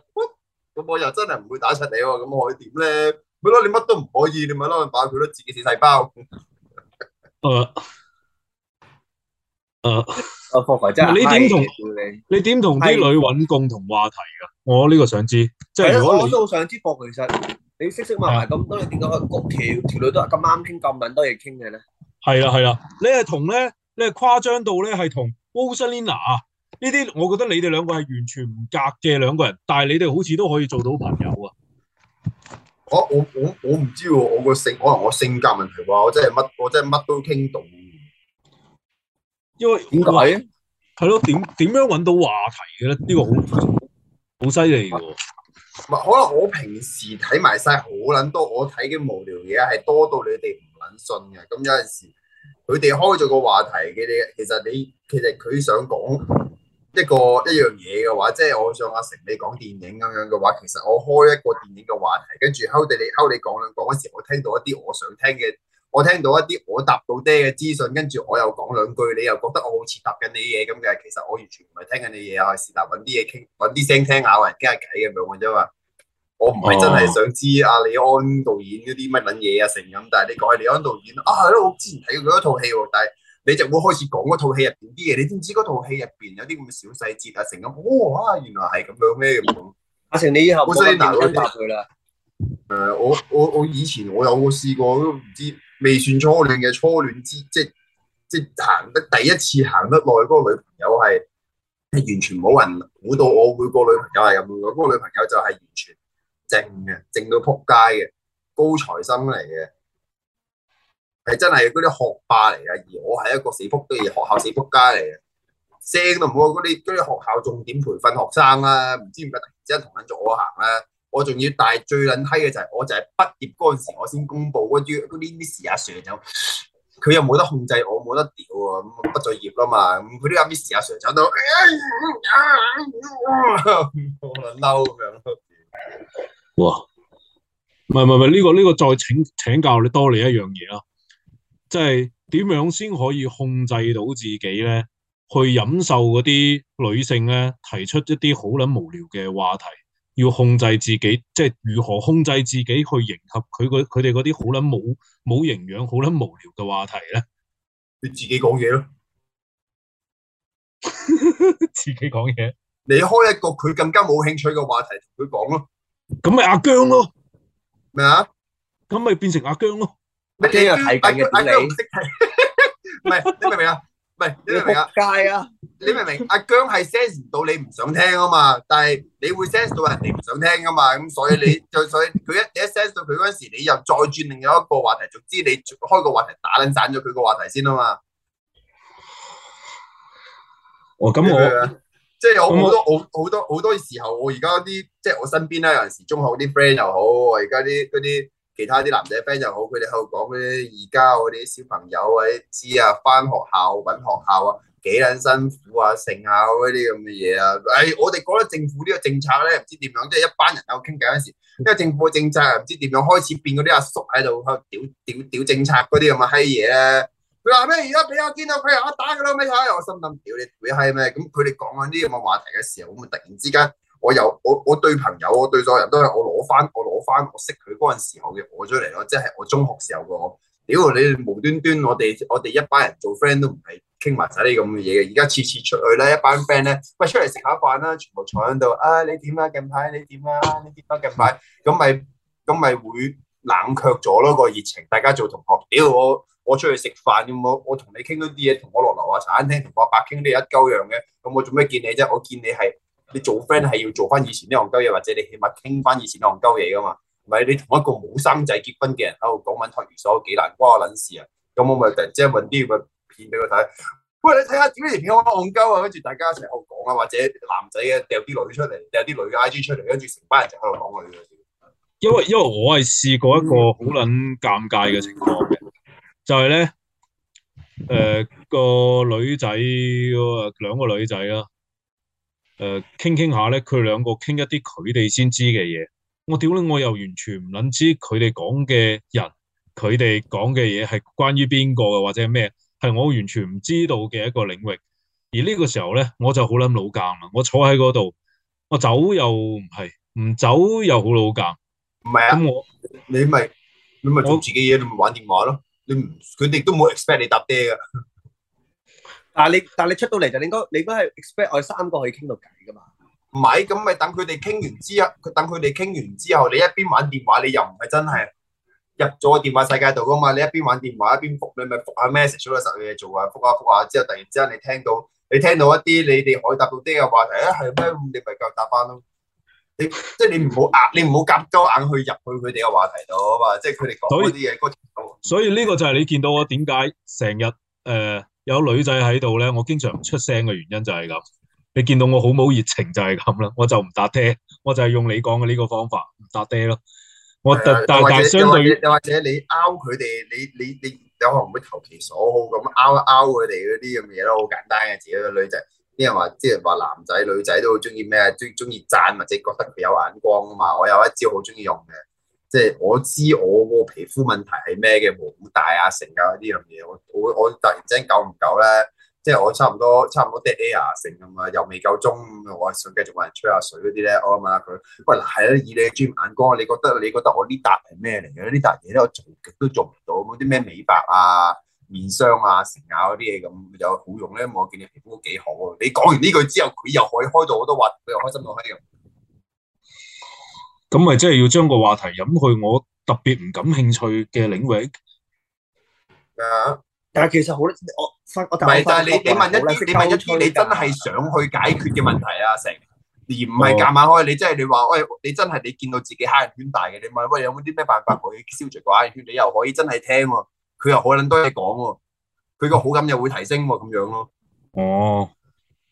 咁我又真係唔會打柒你喎，咁我可以點咧？咪嬲，你乜都唔可以，你咪嬲撚爆佢咯，自己死細胞。嗯。誒，阿霍真你點同的你點同啲女揾共同話題噶？我呢個想知，即係講到想知博，其實你識識埋埋咁，咁點解條條女都咁啱傾咁撚多嘢傾嘅咧？係啦係啦，你係同咧，你係誇張到咧，係同 o s h n a 呢啲，我覺得你哋兩個係完全唔夾嘅兩個人，但係你哋好似都可以做到朋友啊？我我我我唔知喎，我個性可能我性格問題，我真係乜我真係乜都傾到。因為點解啊？係咯是，點點樣揾到話題嘅咧？呢個好好犀利嘅。唔係可能我平時睇埋晒好捻多，我睇嘅無聊嘢係多到你哋唔捻信嘅。咁有陣時，佢哋開咗個話題嘅，你其實你其實佢想講一個一樣嘢嘅話，即係我想阿成你講電影咁樣嘅話，其實我開一個電影嘅話題，跟住溝地你溝你講兩講時，我聽到一啲我想聽嘅。我聽到一啲我答到爹嘅資訊，跟住我又講兩句，你又覺得我好似答緊你嘢咁嘅，其實我完全唔係聽緊你嘢啊，是但揾啲嘢傾，揾啲聲聽咬人傾下偈咁樣啫嘛。我唔係真係想知阿李安導演嗰啲乜撚嘢啊成咁，但係你講係李安導演啊，係咯，我之前睇過佢一套戲喎，但係你就會開始講嗰套戲入邊啲嘢，你知唔知嗰套戲入邊有啲咁嘅小細節啊成咁？哦，原來係咁樣咩咁？阿成，你以後唔好再亂答佢啦。誒、呃，我我我以前我有冇試過都唔知。未算初戀嘅初戀之，即係即係行得第一次行得耐嗰個女朋友，係係完全冇人估到我佢個女朋友係咁嘅，嗰個女朋友就係完全靜嘅，靜到仆街嘅，高材生嚟嘅，係真係嗰啲學霸嚟嘅，而我係一個死仆對，學校死仆街嚟嘅，正到冇嗰啲啲學校重點培訓學生啦、啊，唔知點解突然之間同緊咗我行啦、啊。我仲要，但最撚閪嘅就係，我就係畢業嗰陣時我、啊 Sir，我，我先公布嗰啲嗰啲啲 Miss 阿 Sir 就佢又冇得控制，我冇得屌啊，咁畢咗業啦嘛，咁佢啲啱 Miss 阿 Sir 就到，啊啊，好撚嬲咁樣哇！唔係唔係唔係，呢個呢個再請請教你多你一樣嘢咯，即係點樣先可以控制到自己咧，去忍受嗰啲女性咧提出一啲好撚無聊嘅話題？要控制自己，即係如何控制自己去迎合佢佢哋嗰啲好撚冇冇營養、好撚無聊嘅話題咧？你自己講嘢咯， 自己講嘢。你開一個佢更加冇興趣嘅話題同佢講咯，咁咪阿姜咯。咩啊麼？咁咪變成阿姜咯？咩嘢啊？睇緊嘅你，唔係， 明唔明啊？ 喂，你明唔明啊？界啊！你明唔明？阿姜係 sense 唔到你唔想聽啊嘛，但係你會 sense 到人哋唔想聽啊嘛，咁所以你就所以佢一一 sense 到佢嗰時，你又再轉另一個話題，總之你開個話題打撚散咗佢個話題先啊嘛。哦，咁我，即係我好多我好多好多時候我，我而家啲即係我身邊咧，有陣時中學啲 friend 又好，我而家啲嗰啲。其他啲男仔 friend 又好，佢哋喺度講咧，而家我哋啲小朋友啊啲知啊，返學校搵學校啊幾撚辛苦啊，剩下嗰啲咁嘅嘢啊，誒、哎、我哋覺得政府呢個政策咧唔知點樣，即係一班人喺度傾偈嗰時，因為政府嘅政策唔知點樣開始變，嗰啲阿叔喺度屌屌屌政策嗰啲咁嘅閪嘢咧，佢話咩而家俾我見到佢又我打佢咯，咩閪我心諗屌你鬼閪咩，咁佢哋講緊呢啲咁嘅話題嘅時候，會唔會突然之間？我有我，我對朋友，我對所有人都係我攞翻，我攞翻，我識佢嗰陣時候嘅我出嚟咯。即係我中學時候個屌，你無端端我哋，我哋一班人做 friend 都唔係傾埋晒啲咁嘅嘢嘅。而家次次出去咧，一班 friend 咧，喂出嚟食下飯啦，全部坐喺度啊！你點啊？近排你點啊？你點啊？近排咁咪咁咪會冷卻咗咯個熱情。大家做同學屌我，我出去食飯咁，我我同你傾嗰啲嘢，同我落樓下茶餐廳，同我阿伯傾啲一鳩樣嘅，咁我做咩見你啫？我見你係。你做 friend 係要做翻以前啲戇鳩嘢，或者你起碼傾翻以前啲戇鳩嘢噶嘛？唔係你同一個冇生仔結婚嘅人喺度講緊托兒所幾難，關我事，我撚事啊！咁我咪突然之間搵啲片俾佢睇。喂，你睇下點樣片咁戇鳩啊？跟住大家成日喺度講啊，或者男仔啊掉啲女出嚟，掉啲女嘅 I G 出嚟，跟住成班人就喺度講佢。因為因為我係試過一個好撚尷尬嘅情況嘅，就係咧，誒個女仔兩個女仔啦。誒，傾傾下咧，佢兩個傾一啲佢哋先知嘅嘢。我屌你，我又完全唔捻知佢哋講嘅人，佢哋講嘅嘢係關於邊個嘅，或者咩，係我完全唔知道嘅一個領域。而呢個時候咧，我就好捻老尷啊！我坐喺嗰度，我走又唔係，唔走又好老尷。唔係啊，我你咪你咪做自己嘢，我你咪玩電話咯。你佢哋都冇 expect 你搭爹㗎。但你，但係你出到嚟就你應該，你都係 expect 我哋三個可以傾到偈噶嘛？唔係，咁咪等佢哋傾完之後，佢等佢哋傾完之後，你一邊玩電話，你又唔係真係入咗個電話世界度噶嘛？你一邊玩電話一邊覆，你咪覆下 message，做咗十嘢做啊，覆下覆下之後，突然之間你聽到，你聽到一啲你哋可以搭到啲嘅話題咧，係咩？你咪夠搭返咯。你即係、就是、你唔好壓，你唔好夾鳩硬去入去佢哋嘅話題度啊嘛！即係佢哋講嗰啲嘢，所以呢個就係你見到我點解成日誒。呃有女仔喺度咧，我經常唔出聲嘅原因就係咁，你見到我好冇熱情就係咁啦，我就唔打爹，我就係用你講嘅呢個方法唔打爹咯。我特大、啊、但或者相對，又或者你拗佢哋，你你你，又唔會投其所好咁拗一拗佢哋嗰啲咁嘅嘢都好簡單嘅。自己個女仔，啲人話啲人話男仔女仔都好中意咩啊，中中意讚或者覺得佢有眼光啊嘛，我有一招好中意用嘅。即係我知我個皮膚問題係咩嘅，毛孔大啊、成啊嗰啲咁嘢。我我我突然之間久唔久咧，即係我差唔多差唔多 dead air、啊、成咁啊，又未夠鐘，我想繼續揾人吹下水嗰啲咧，我問下佢，喂嗱係啦，以你嘅專業眼光，你覺得你覺得我呢笪係咩嚟嘅？呢笪嘢咧我做極都做唔到，嗰啲咩美白啊、面霜啊、成啊嗰啲嘢咁又好用咧。我見你皮膚幾好喎，你講完呢句之後，佢又可以開到好多話，佢又開心到咁咪即係要將個話題引去我特別唔感興趣嘅領域啊、嗯嗯嗯！但係其實好，我翻不不但係你不你問一啲，沒你問一啲，你真係想去解決嘅問題啊！成、嗯、而唔係夾硬開，你即係你話喂，你真係你見到自己黑眼圈大嘅，你問喂有冇啲咩辦法可以消除個黑眼圈？你又可以真係聽喎、啊，佢又好捻多嘢講喎，佢個好感又會提升喎、啊，咁樣、啊哦、咯。哦，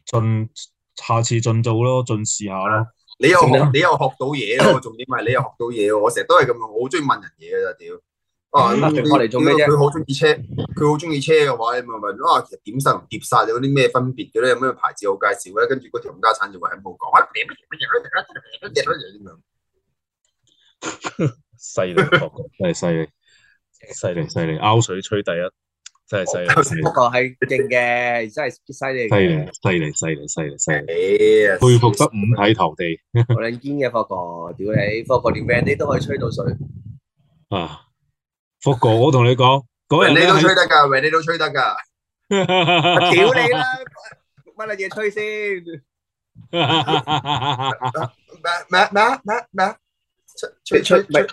盡下次盡做咯，盡試下啦。你又你又學到嘢喎，重點係你又學到嘢喎。我成日都係咁樣，我好中意問人嘢㗎咋屌。啊，佢好中意車，佢好中意車嘅話，你問問啊，其實點殺唔跌殺有啲咩分別嘅咧？有咩牌子好介紹咧？跟住嗰條吳家產就話冇講，犀利哥哥，真係犀利，犀利犀利，拗水吹第一。真係犀利，佛哥係勁嘅，真係犀利。犀利，犀利，犀利，犀利，佩服得五體投地。我哋堅嘅佛哥，屌你！佛哥連 wind 你都可以吹到水啊！佛哥，我同你講，嗰人你都吹得噶，wind 你都吹得噶。屌你啦！乜嘢嘢吹先？咩咩咩咩咩？吹吹吹咪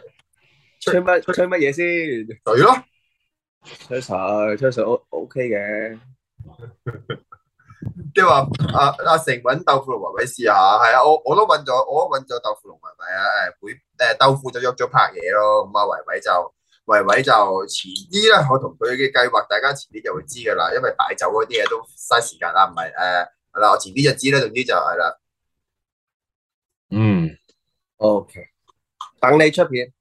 吹乜？吹乜嘢先？水咯。出晒出晒 O O K 嘅，即係話阿阿成搵豆腐龍維維試下，係啊，我我都搵咗，我都搵咗豆腐龍維維啊，誒，會誒，豆腐就喐咗拍嘢咯，咁啊維維就維維就遲啲咧，我同佢嘅計劃大家遲啲就會知噶啦，因為擺酒嗰啲嘢都嘥時間啦，唔係誒，係啦，我遲啲就知啦，總之就係啦。嗯，OK，等你出片。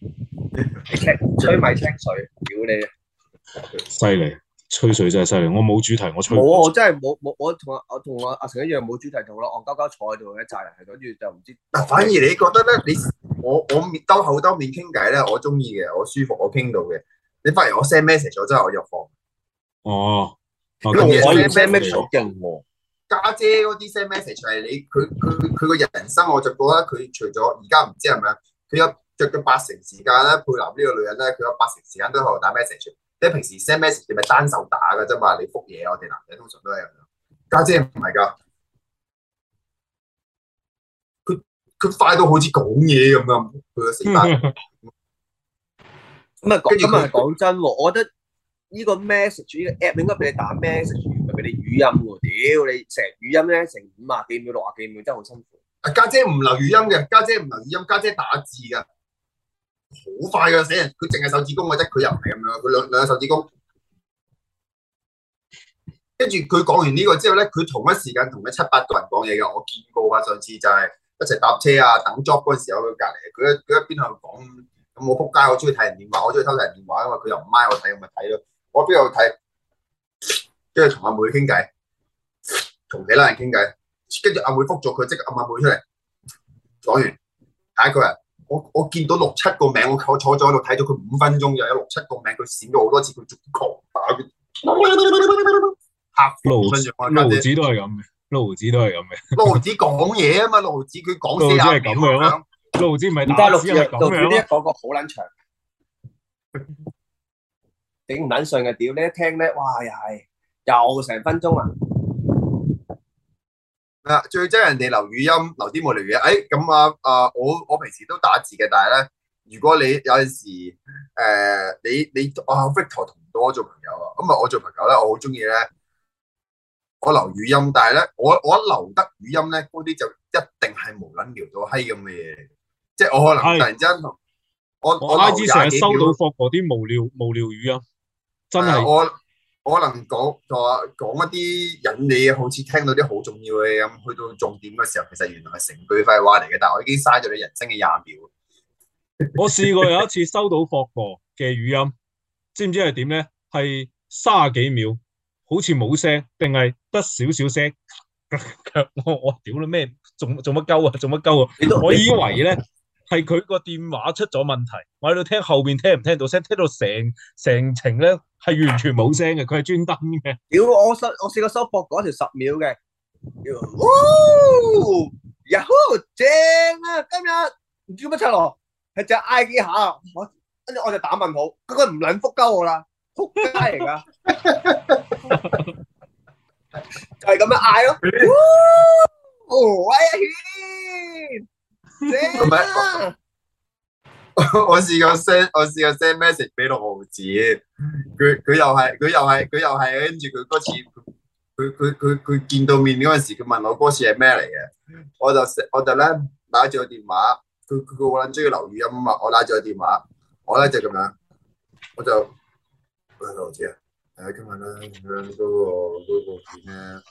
吹，吹米清水，屌你！犀利，吹水真係犀利。我冇主題，我吹冇我真係冇冇，我同我同我阿成一樣冇主題，同我戇鳩鳩坐喺度一紮人，跟住就唔知。嗱，反而你覺得咧？你我我面都好當面傾偈咧，我中意嘅，我舒服，我傾到嘅。你發現我 send message 我真係我入房哦，因為 send message 好勁喎。家、啊啊、姐嗰啲 send message 係你佢佢佢個人生我就覺得佢除咗而家唔知係咪啊，佢有。着咗八成時間咧，配男呢個女人咧，佢有八成時間都喺度打 message。你平時 send message，你咪單手打㗎啫嘛。你覆嘢，我哋男仔通常都係咁樣。家姐唔係㗎，佢佢快到好似講嘢咁樣。佢嘅死法。咁啊，講真，講真，我覺得呢個 message 呢個 app 應該俾你打 message，唔係俾你語音喎。屌你成日語音咧，成五啊幾秒、六啊幾秒，真係好辛苦。啊，家姐唔留語音嘅，家姐唔留語音，家姐，姐打字㗎。好快噶死人，佢淨係手指公嘅啫，佢又唔係咁樣，佢兩兩個手指公，跟住佢講完呢個之後咧，佢同一時間同咗七八個人講嘢嘅，我見過啊。上次就係一齊搭車啊，等 job 嗰陣時候佢隔籬，佢一佢一邊喺度講咁，我扑街，我中意睇人電話，我中意偷睇人電話，因為佢又唔咪我睇，咁咪睇咯。我，我，我邊度睇？跟住同阿妹傾偈，同其他人傾偈，跟住阿妹復咗佢，即刻阿妹，妹出嚟講完，下一句啊。我我見到六七個名，我我坐咗喺度睇咗佢五分鐘，又有六七個名，佢閃咗好多次，佢逐狂打嘅。客盧子，盧子都係咁嘅，盧子都係咁嘅，盧子講嘢啊嘛，盧子佢講死硬嘅。即係咁樣咯，盧子咪但係盧子係咁咯，嗰個好撚長，頂唔撚順嘅，屌你一聽咧，哇又係又成分鐘啊！嗱，最憎人哋留語音，留啲無聊嘢。誒、哎，咁啊啊，我我平時都打字嘅，但係咧，如果你有陣時，誒、呃，你你，我、啊、Victor 同唔到我做朋友啊，咁啊，我做朋友咧，我好中意咧，我留語音，但係咧，我我留得語音咧，嗰啲就一定係無撚聊到閪咁嘅嘢，即係我可能突然間，的我我拉嘅係收到過啲無聊無聊語音，真係。我可能講就話講一啲引你，好似聽到啲好重要嘅嘢噉，去到重點嘅時候，其實原來係成句廢話嚟嘅。但係我已經嘥咗你人生嘅廿秒。我試過有一次收到霍博嘅語音， 知唔知係點咧？係三十幾秒，好似冇聲，定係得少少聲。我屌你咩做仲乜鳩啊？做乜鳩啊？都我以為咧係佢個電話出咗問題，我喺度聽後邊聽唔聽到聲，聽到成成程咧。係完全冇聲嘅，佢係專登嘅。屌，我試我試過收博嗰條十秒嘅。屌，哦，呀呼正啊！今日唔知乜七咯，係只嗌幾下，跟住我就打問號，佢佢唔卵覆鳩我啦，撲街嚟噶， 就係咁樣嗌咯，啊。 哦，威一圈，正。 我試過 send，我試過 send message 俾羅子，佢佢又係佢又係佢又係，跟住佢嗰次，佢佢佢佢見到面嗰陣時，佢問我嗰次係咩嚟嘅，我就我就咧打住個電話，佢佢個撚中意留語音啊嘛，我打住個電話，我咧就咁樣，我就喂羅子啊，誒今日咧響嗰個嗰個點咧。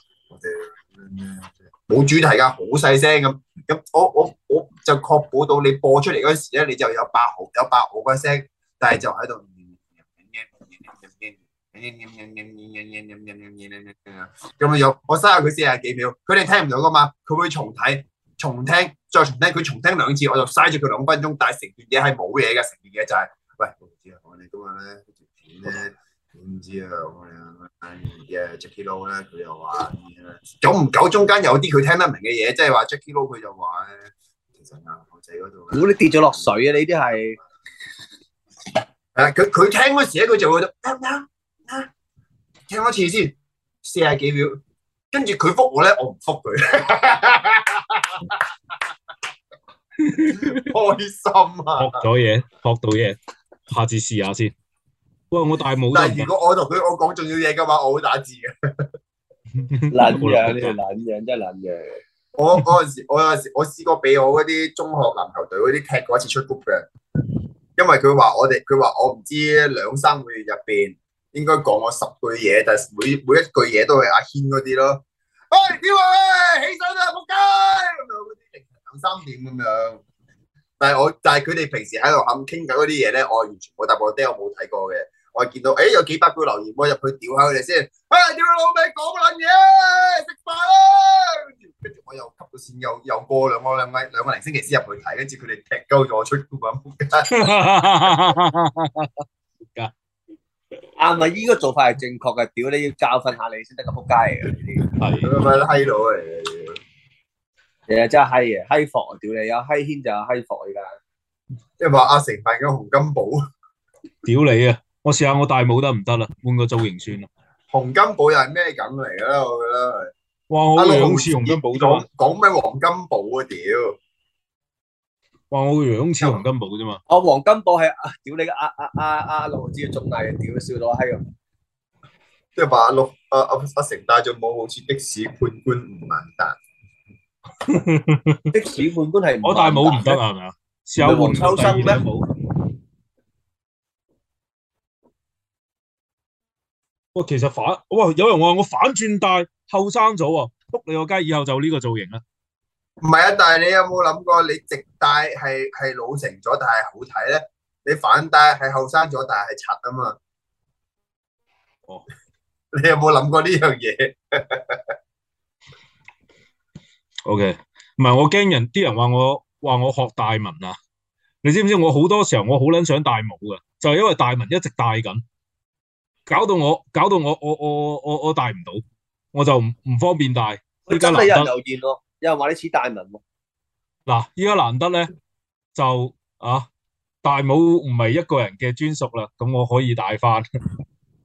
冇主題噶，好細聲咁。咁我我我就確保到你播出嚟嗰時咧，你就有八毫有八毫嘅聲，但係就喺度。咁又我嘥下佢四廿幾秒，佢哋聽唔到噶嘛？佢會重睇、重聽、再重聽。佢重聽兩次，我就嘥咗佢兩分鐘。但係成段嘢係冇嘢噶，成段嘢就係、是、喂，我唔知啦，我哋今日咧，呢。唔知啊咁樣嘅 Jackie Lau 咧，佢又話，yeah, 久唔久中間有啲佢聽得明嘅嘢，即係話 Jackie Lau 佢就話、是、咧，其實硬臥仔嗰度，如果、啊哦、你跌咗落水啊！你啲係，誒佢佢聽嗰時咧，佢就話，得唔得？得、嗯嗯嗯，聽一次先，四十幾秒，跟住佢復我咧，我唔復佢， 開心啊！學咗嘢，學到嘢，下次試下先。不過我戴帽。但係如果我同佢我講重要嘢嘅話，我會打字嘅。懶 樣，真係懶樣，真係懶樣。我嗰陣時，我有陣時，我試過俾我嗰啲中學籃球隊嗰啲踢過一次出谷嘅，因為佢話我哋，佢話我唔知兩三個月入邊應該講我十句嘢，但係每每一句嘢都係阿軒嗰啲咯喂。喂，點啊？起身啦，仆街！咁樣嗰啲凌晨兩三點咁樣。但係我，但係佢哋平時喺度咁傾緊嗰啲嘢咧，我完全冇答我爹，我冇睇過嘅。我見到誒、哎、有幾百句留言，我入去屌下佢哋先。啊，屌你老味，講撚嘢，食飯啦！跟住我又急到線，又又過兩個兩米兩個零星期先入去睇，跟住佢哋踢鳩咗，我出咁。啊，啱咪呢個做法係正確嘅，屌你要教訓下你先得個仆街呀！嘅係咪都閪佬嚟嘅？其實真係閪呀，閪房屌你有閪軒就閪房嚟噶，即係話阿成扮嘅洪金寶，屌你啊！我試下我戴帽得唔得啦？換個造型算啦。洪金寶又係咩梗嚟啦？我覺得係哇，我樣似洪金寶啫嘛。講咩黃金寶啊？屌！哇，我樣似洪金寶啫嘛。啊，黃金寶係啊，屌你個阿阿阿阿羅志忠嚟，屌笑到嗨咁。即係話阿六阿阿阿成戴咗帽好似的士判官唔眼大。的士判官係我戴帽唔得係咪啊？對黃秋生咩帽？哇，其實反哇，有人話我反轉戴後生咗啊！仆你個街以後就呢個造型啦。唔係啊，但係你有冇諗過，你直戴係係老成咗，但係好睇咧。你反戴係後生咗，但係係柒啊嘛。哦，oh. 你有冇諗過呢樣嘢？O K，唔係我驚人，啲人話我話我學大文啊。你知唔知我好多時候我好捻想戴帽噶，就係因為大文一直戴緊。搞到我，搞到我，我我我我戴唔到，我就唔方便戴。依家難得有人留言咯，有人話你似大文喎。嗱，依家難得咧，就啊，大帽唔係一個人嘅專屬啦，咁我可以戴翻。係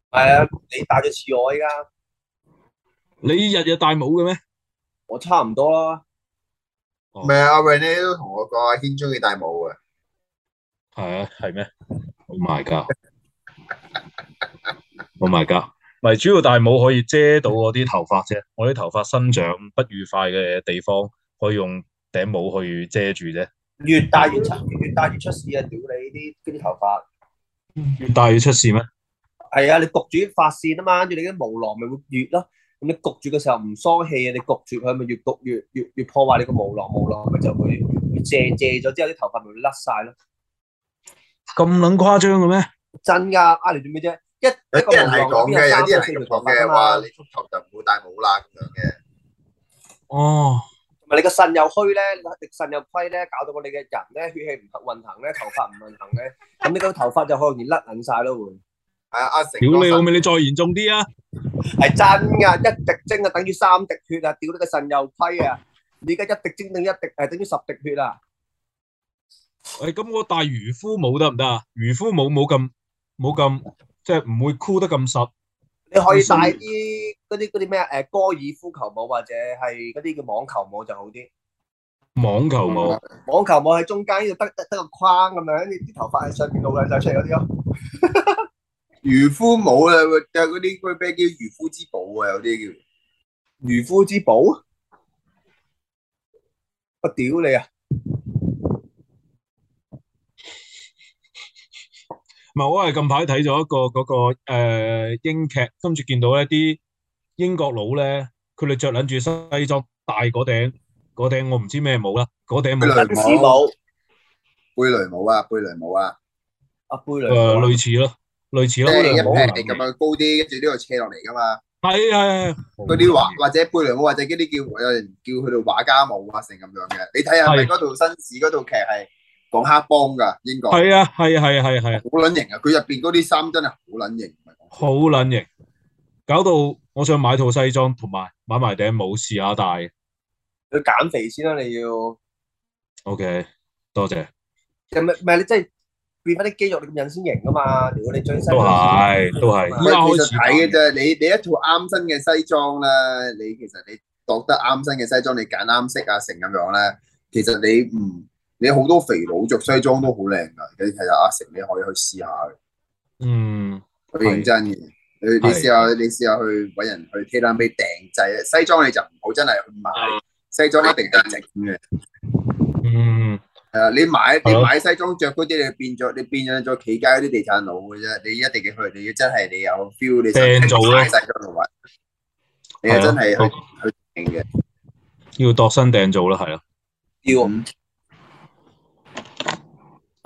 啊， 你戴咗似我依家。你日日戴帽嘅咩？我差唔多啦。唔係啊，阿榮你都同我講阿軒中意戴帽嘅。係啊，係咩？Oh my god！我 o 噶，咪、oh、主要戴帽可以遮到我啲頭髮啫，我啲頭髮生長不愉快嘅地方，可以用頂帽去遮住啫。越戴越出，越戴越出事啊！屌你呢啲呢啲頭髮，越戴越出事咩？係啊，你焗住啲髮線啊嘛，跟住你啲毛囊咪會越咯。咁你焗住嘅時候唔疏氣啊，你焗住佢咪越焗越越越破壞你個毛囊，毛囊咪就會越借借咗之後啲頭髮咪會甩晒咯。咁捻誇張嘅咩？真噶、啊，啊你做咩啫？有啲人係講嘅，有啲人咁講嘅，話你禿頭就唔會戴帽啦咁樣嘅。哦，同埋你個腎又虛咧，腎又虧咧，搞到我哋嘅人咧，血氣唔得運行咧，頭髮唔運行咧，咁你個頭髮就可能變甩撚曬咯會。係啊，阿成。屌你老味，你再嚴重啲啊！係真噶，一滴精啊，等於三滴血啊，屌你個腎又虧啊！你而家一滴精定一滴，係等於十滴血啊！誒，咁我戴漁夫帽得唔得啊？漁夫帽冇咁冇咁。即係唔會箍得咁實，你可以戴啲嗰啲啲咩啊？誒，高爾、呃、夫球帽或者係嗰啲叫網球帽就好啲。網球帽，網球帽喺中間要得得，得個框咁樣，你啲頭髮喺上邊露晒晒出嚟嗰啲咯。漁 夫帽啊，就嗰啲咩叫漁夫之寶啊？有啲叫漁夫之寶，我屌你啊！唔係，我係近排睇咗一個嗰個誒英劇，跟住見到一啲英國佬咧，佢哋着捻住西裝，戴嗰頂嗰頂我唔知咩帽啦，嗰頂帽類似帽，貝雷帽啊，貝雷帽啊，啊貝雷誒類似咯，類似咯，即係一撇咁啊高啲，跟住呢個斜落嚟噶嘛，係啊，嗰啲畫或者貝雷帽或者嗰啲叫有人叫佢做畫家帽啊，成咁樣嘅，你睇下係咪嗰套紳士嗰套劇係？講黑幫噶，應該係啊，係啊，係啊，係啊，好撚型啊！佢入邊嗰啲衫真係好撚型，唔係講。好撚型，搞到我想買套西裝，同埋買埋頂帽試下戴。要減肥先啦，你要。OK，多謝。唔係唔係，你即係變翻啲肌肉，你咁樣先型噶嘛？如果你最新都係都係，依家開始睇嘅啫。你你一套啱身嘅西裝咧，你其實你着得啱身嘅西裝，你揀啱色啊成咁樣咧，其實你唔。你好多肥佬着西裝都好靚噶你睇下阿成，你可以去試下嘅。嗯，好認真嘅是。你試試是你試下，你試下去搵人去 Tiffany 訂製。西裝你就唔好真係去買，嗯、西裝一定係整嘅。嗯，誒，你買啲買西裝着嗰啲，你變咗你變咗做企街嗰啲地產佬嘅啫。你一定要去，你要真係你有 feel，你訂做。你真係去去訂嘅，要度身訂做啦，係啊、嗯。要五。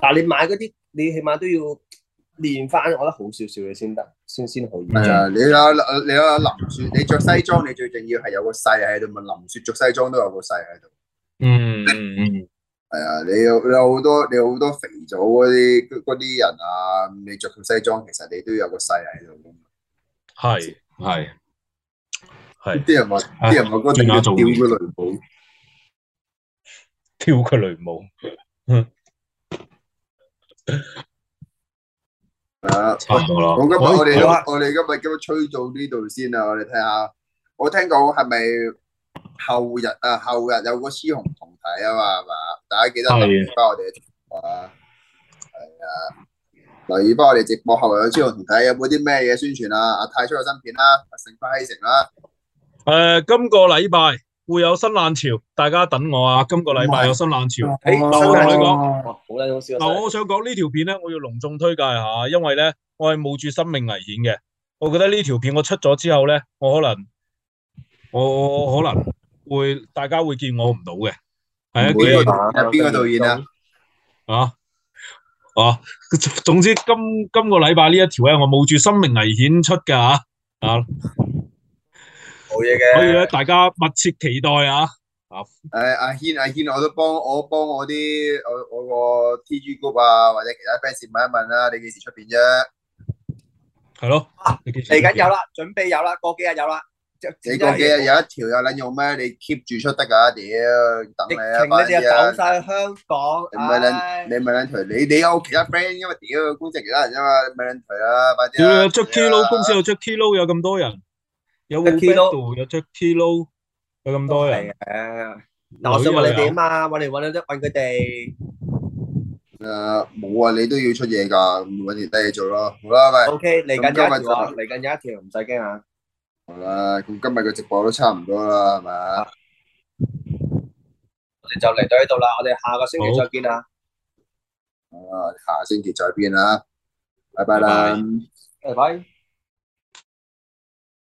嗱，但你買嗰啲，你起碼都要練返，我覺得好少少嘅先得，先先可以啊，你阿你阿林雪，你着西裝，你最重要係有個勢喺度嘛？林雪着西裝都有個勢喺度。嗯嗯、mm，係、hmm. 啊，你有你好多你好多肥咗嗰啲啲人啊，你着套西裝，其實你都有個勢喺度咁嘛。係係係，啲人話啲是人話嗰啲阿做跳個雷舞，跳個雷舞。 啊，差唔多咯。我哋我哋今日今日吹到呢度先啊，我哋睇下。我聽到係咪後日啊？後日有個雌雄同體啊嘛？係嘛？大家記得留意翻我哋啊。係啊的，留意翻我哋直播後日有雌雄同體有冇啲咩嘢宣傳啊？阿泰出咗新片啦，啊，阿成輝希成啦，啊。誒、呃，今個禮拜。會有新冷潮，大家等我啊！今個禮拜有新冷潮。是我同你講，嗱，我想講呢條片咧，我要隆重推介下，因為咧，我係冒住生命危險嘅。我覺得呢條片我出咗之後咧，我可能，我可能會大家會見我唔到嘅。係啊會，邊個、哎、導演啊？啊，哦、啊，總之今今個禮拜呢一條咧，我冒住生命危險出噶吓啊！所以咧，大家密切期待啊！啊，阿軒阿軒，我都幫我幫我啲我我個 TG group 啊，或者其他 fans 問一問啦，你幾時出邊啫？係咯，嚟緊有啦，準備有啦，過幾日有啦。你過幾日有一條有撚用咩？你 keep 住出得噶屌！疫情你又擋曬香港，你咪撚除你咪撚除你你有其他 friend 因為屌攻擊其他人咋嘛咪撚除啦快啲！捉 Kilo 公司又捉 Kilo 有咁多人。有隻 Kilo，有隻 Kilo，有咁多嚟。係嘅，嗱我想問你點啊？搵嚟搵你啫，搵佢哋。啊，冇啊，你都要出嘢噶，搵啲低嘢做咯。好啦，喂。OK，嚟緊嘅話，嚟緊有一條，唔使驚啊。好啦，咁今日嘅直播都差唔多啦，係咪啊？我哋就嚟到呢度啦，我哋下個星期再見啦。啊，下星期再見啦，拜拜啦。誒，拜拜。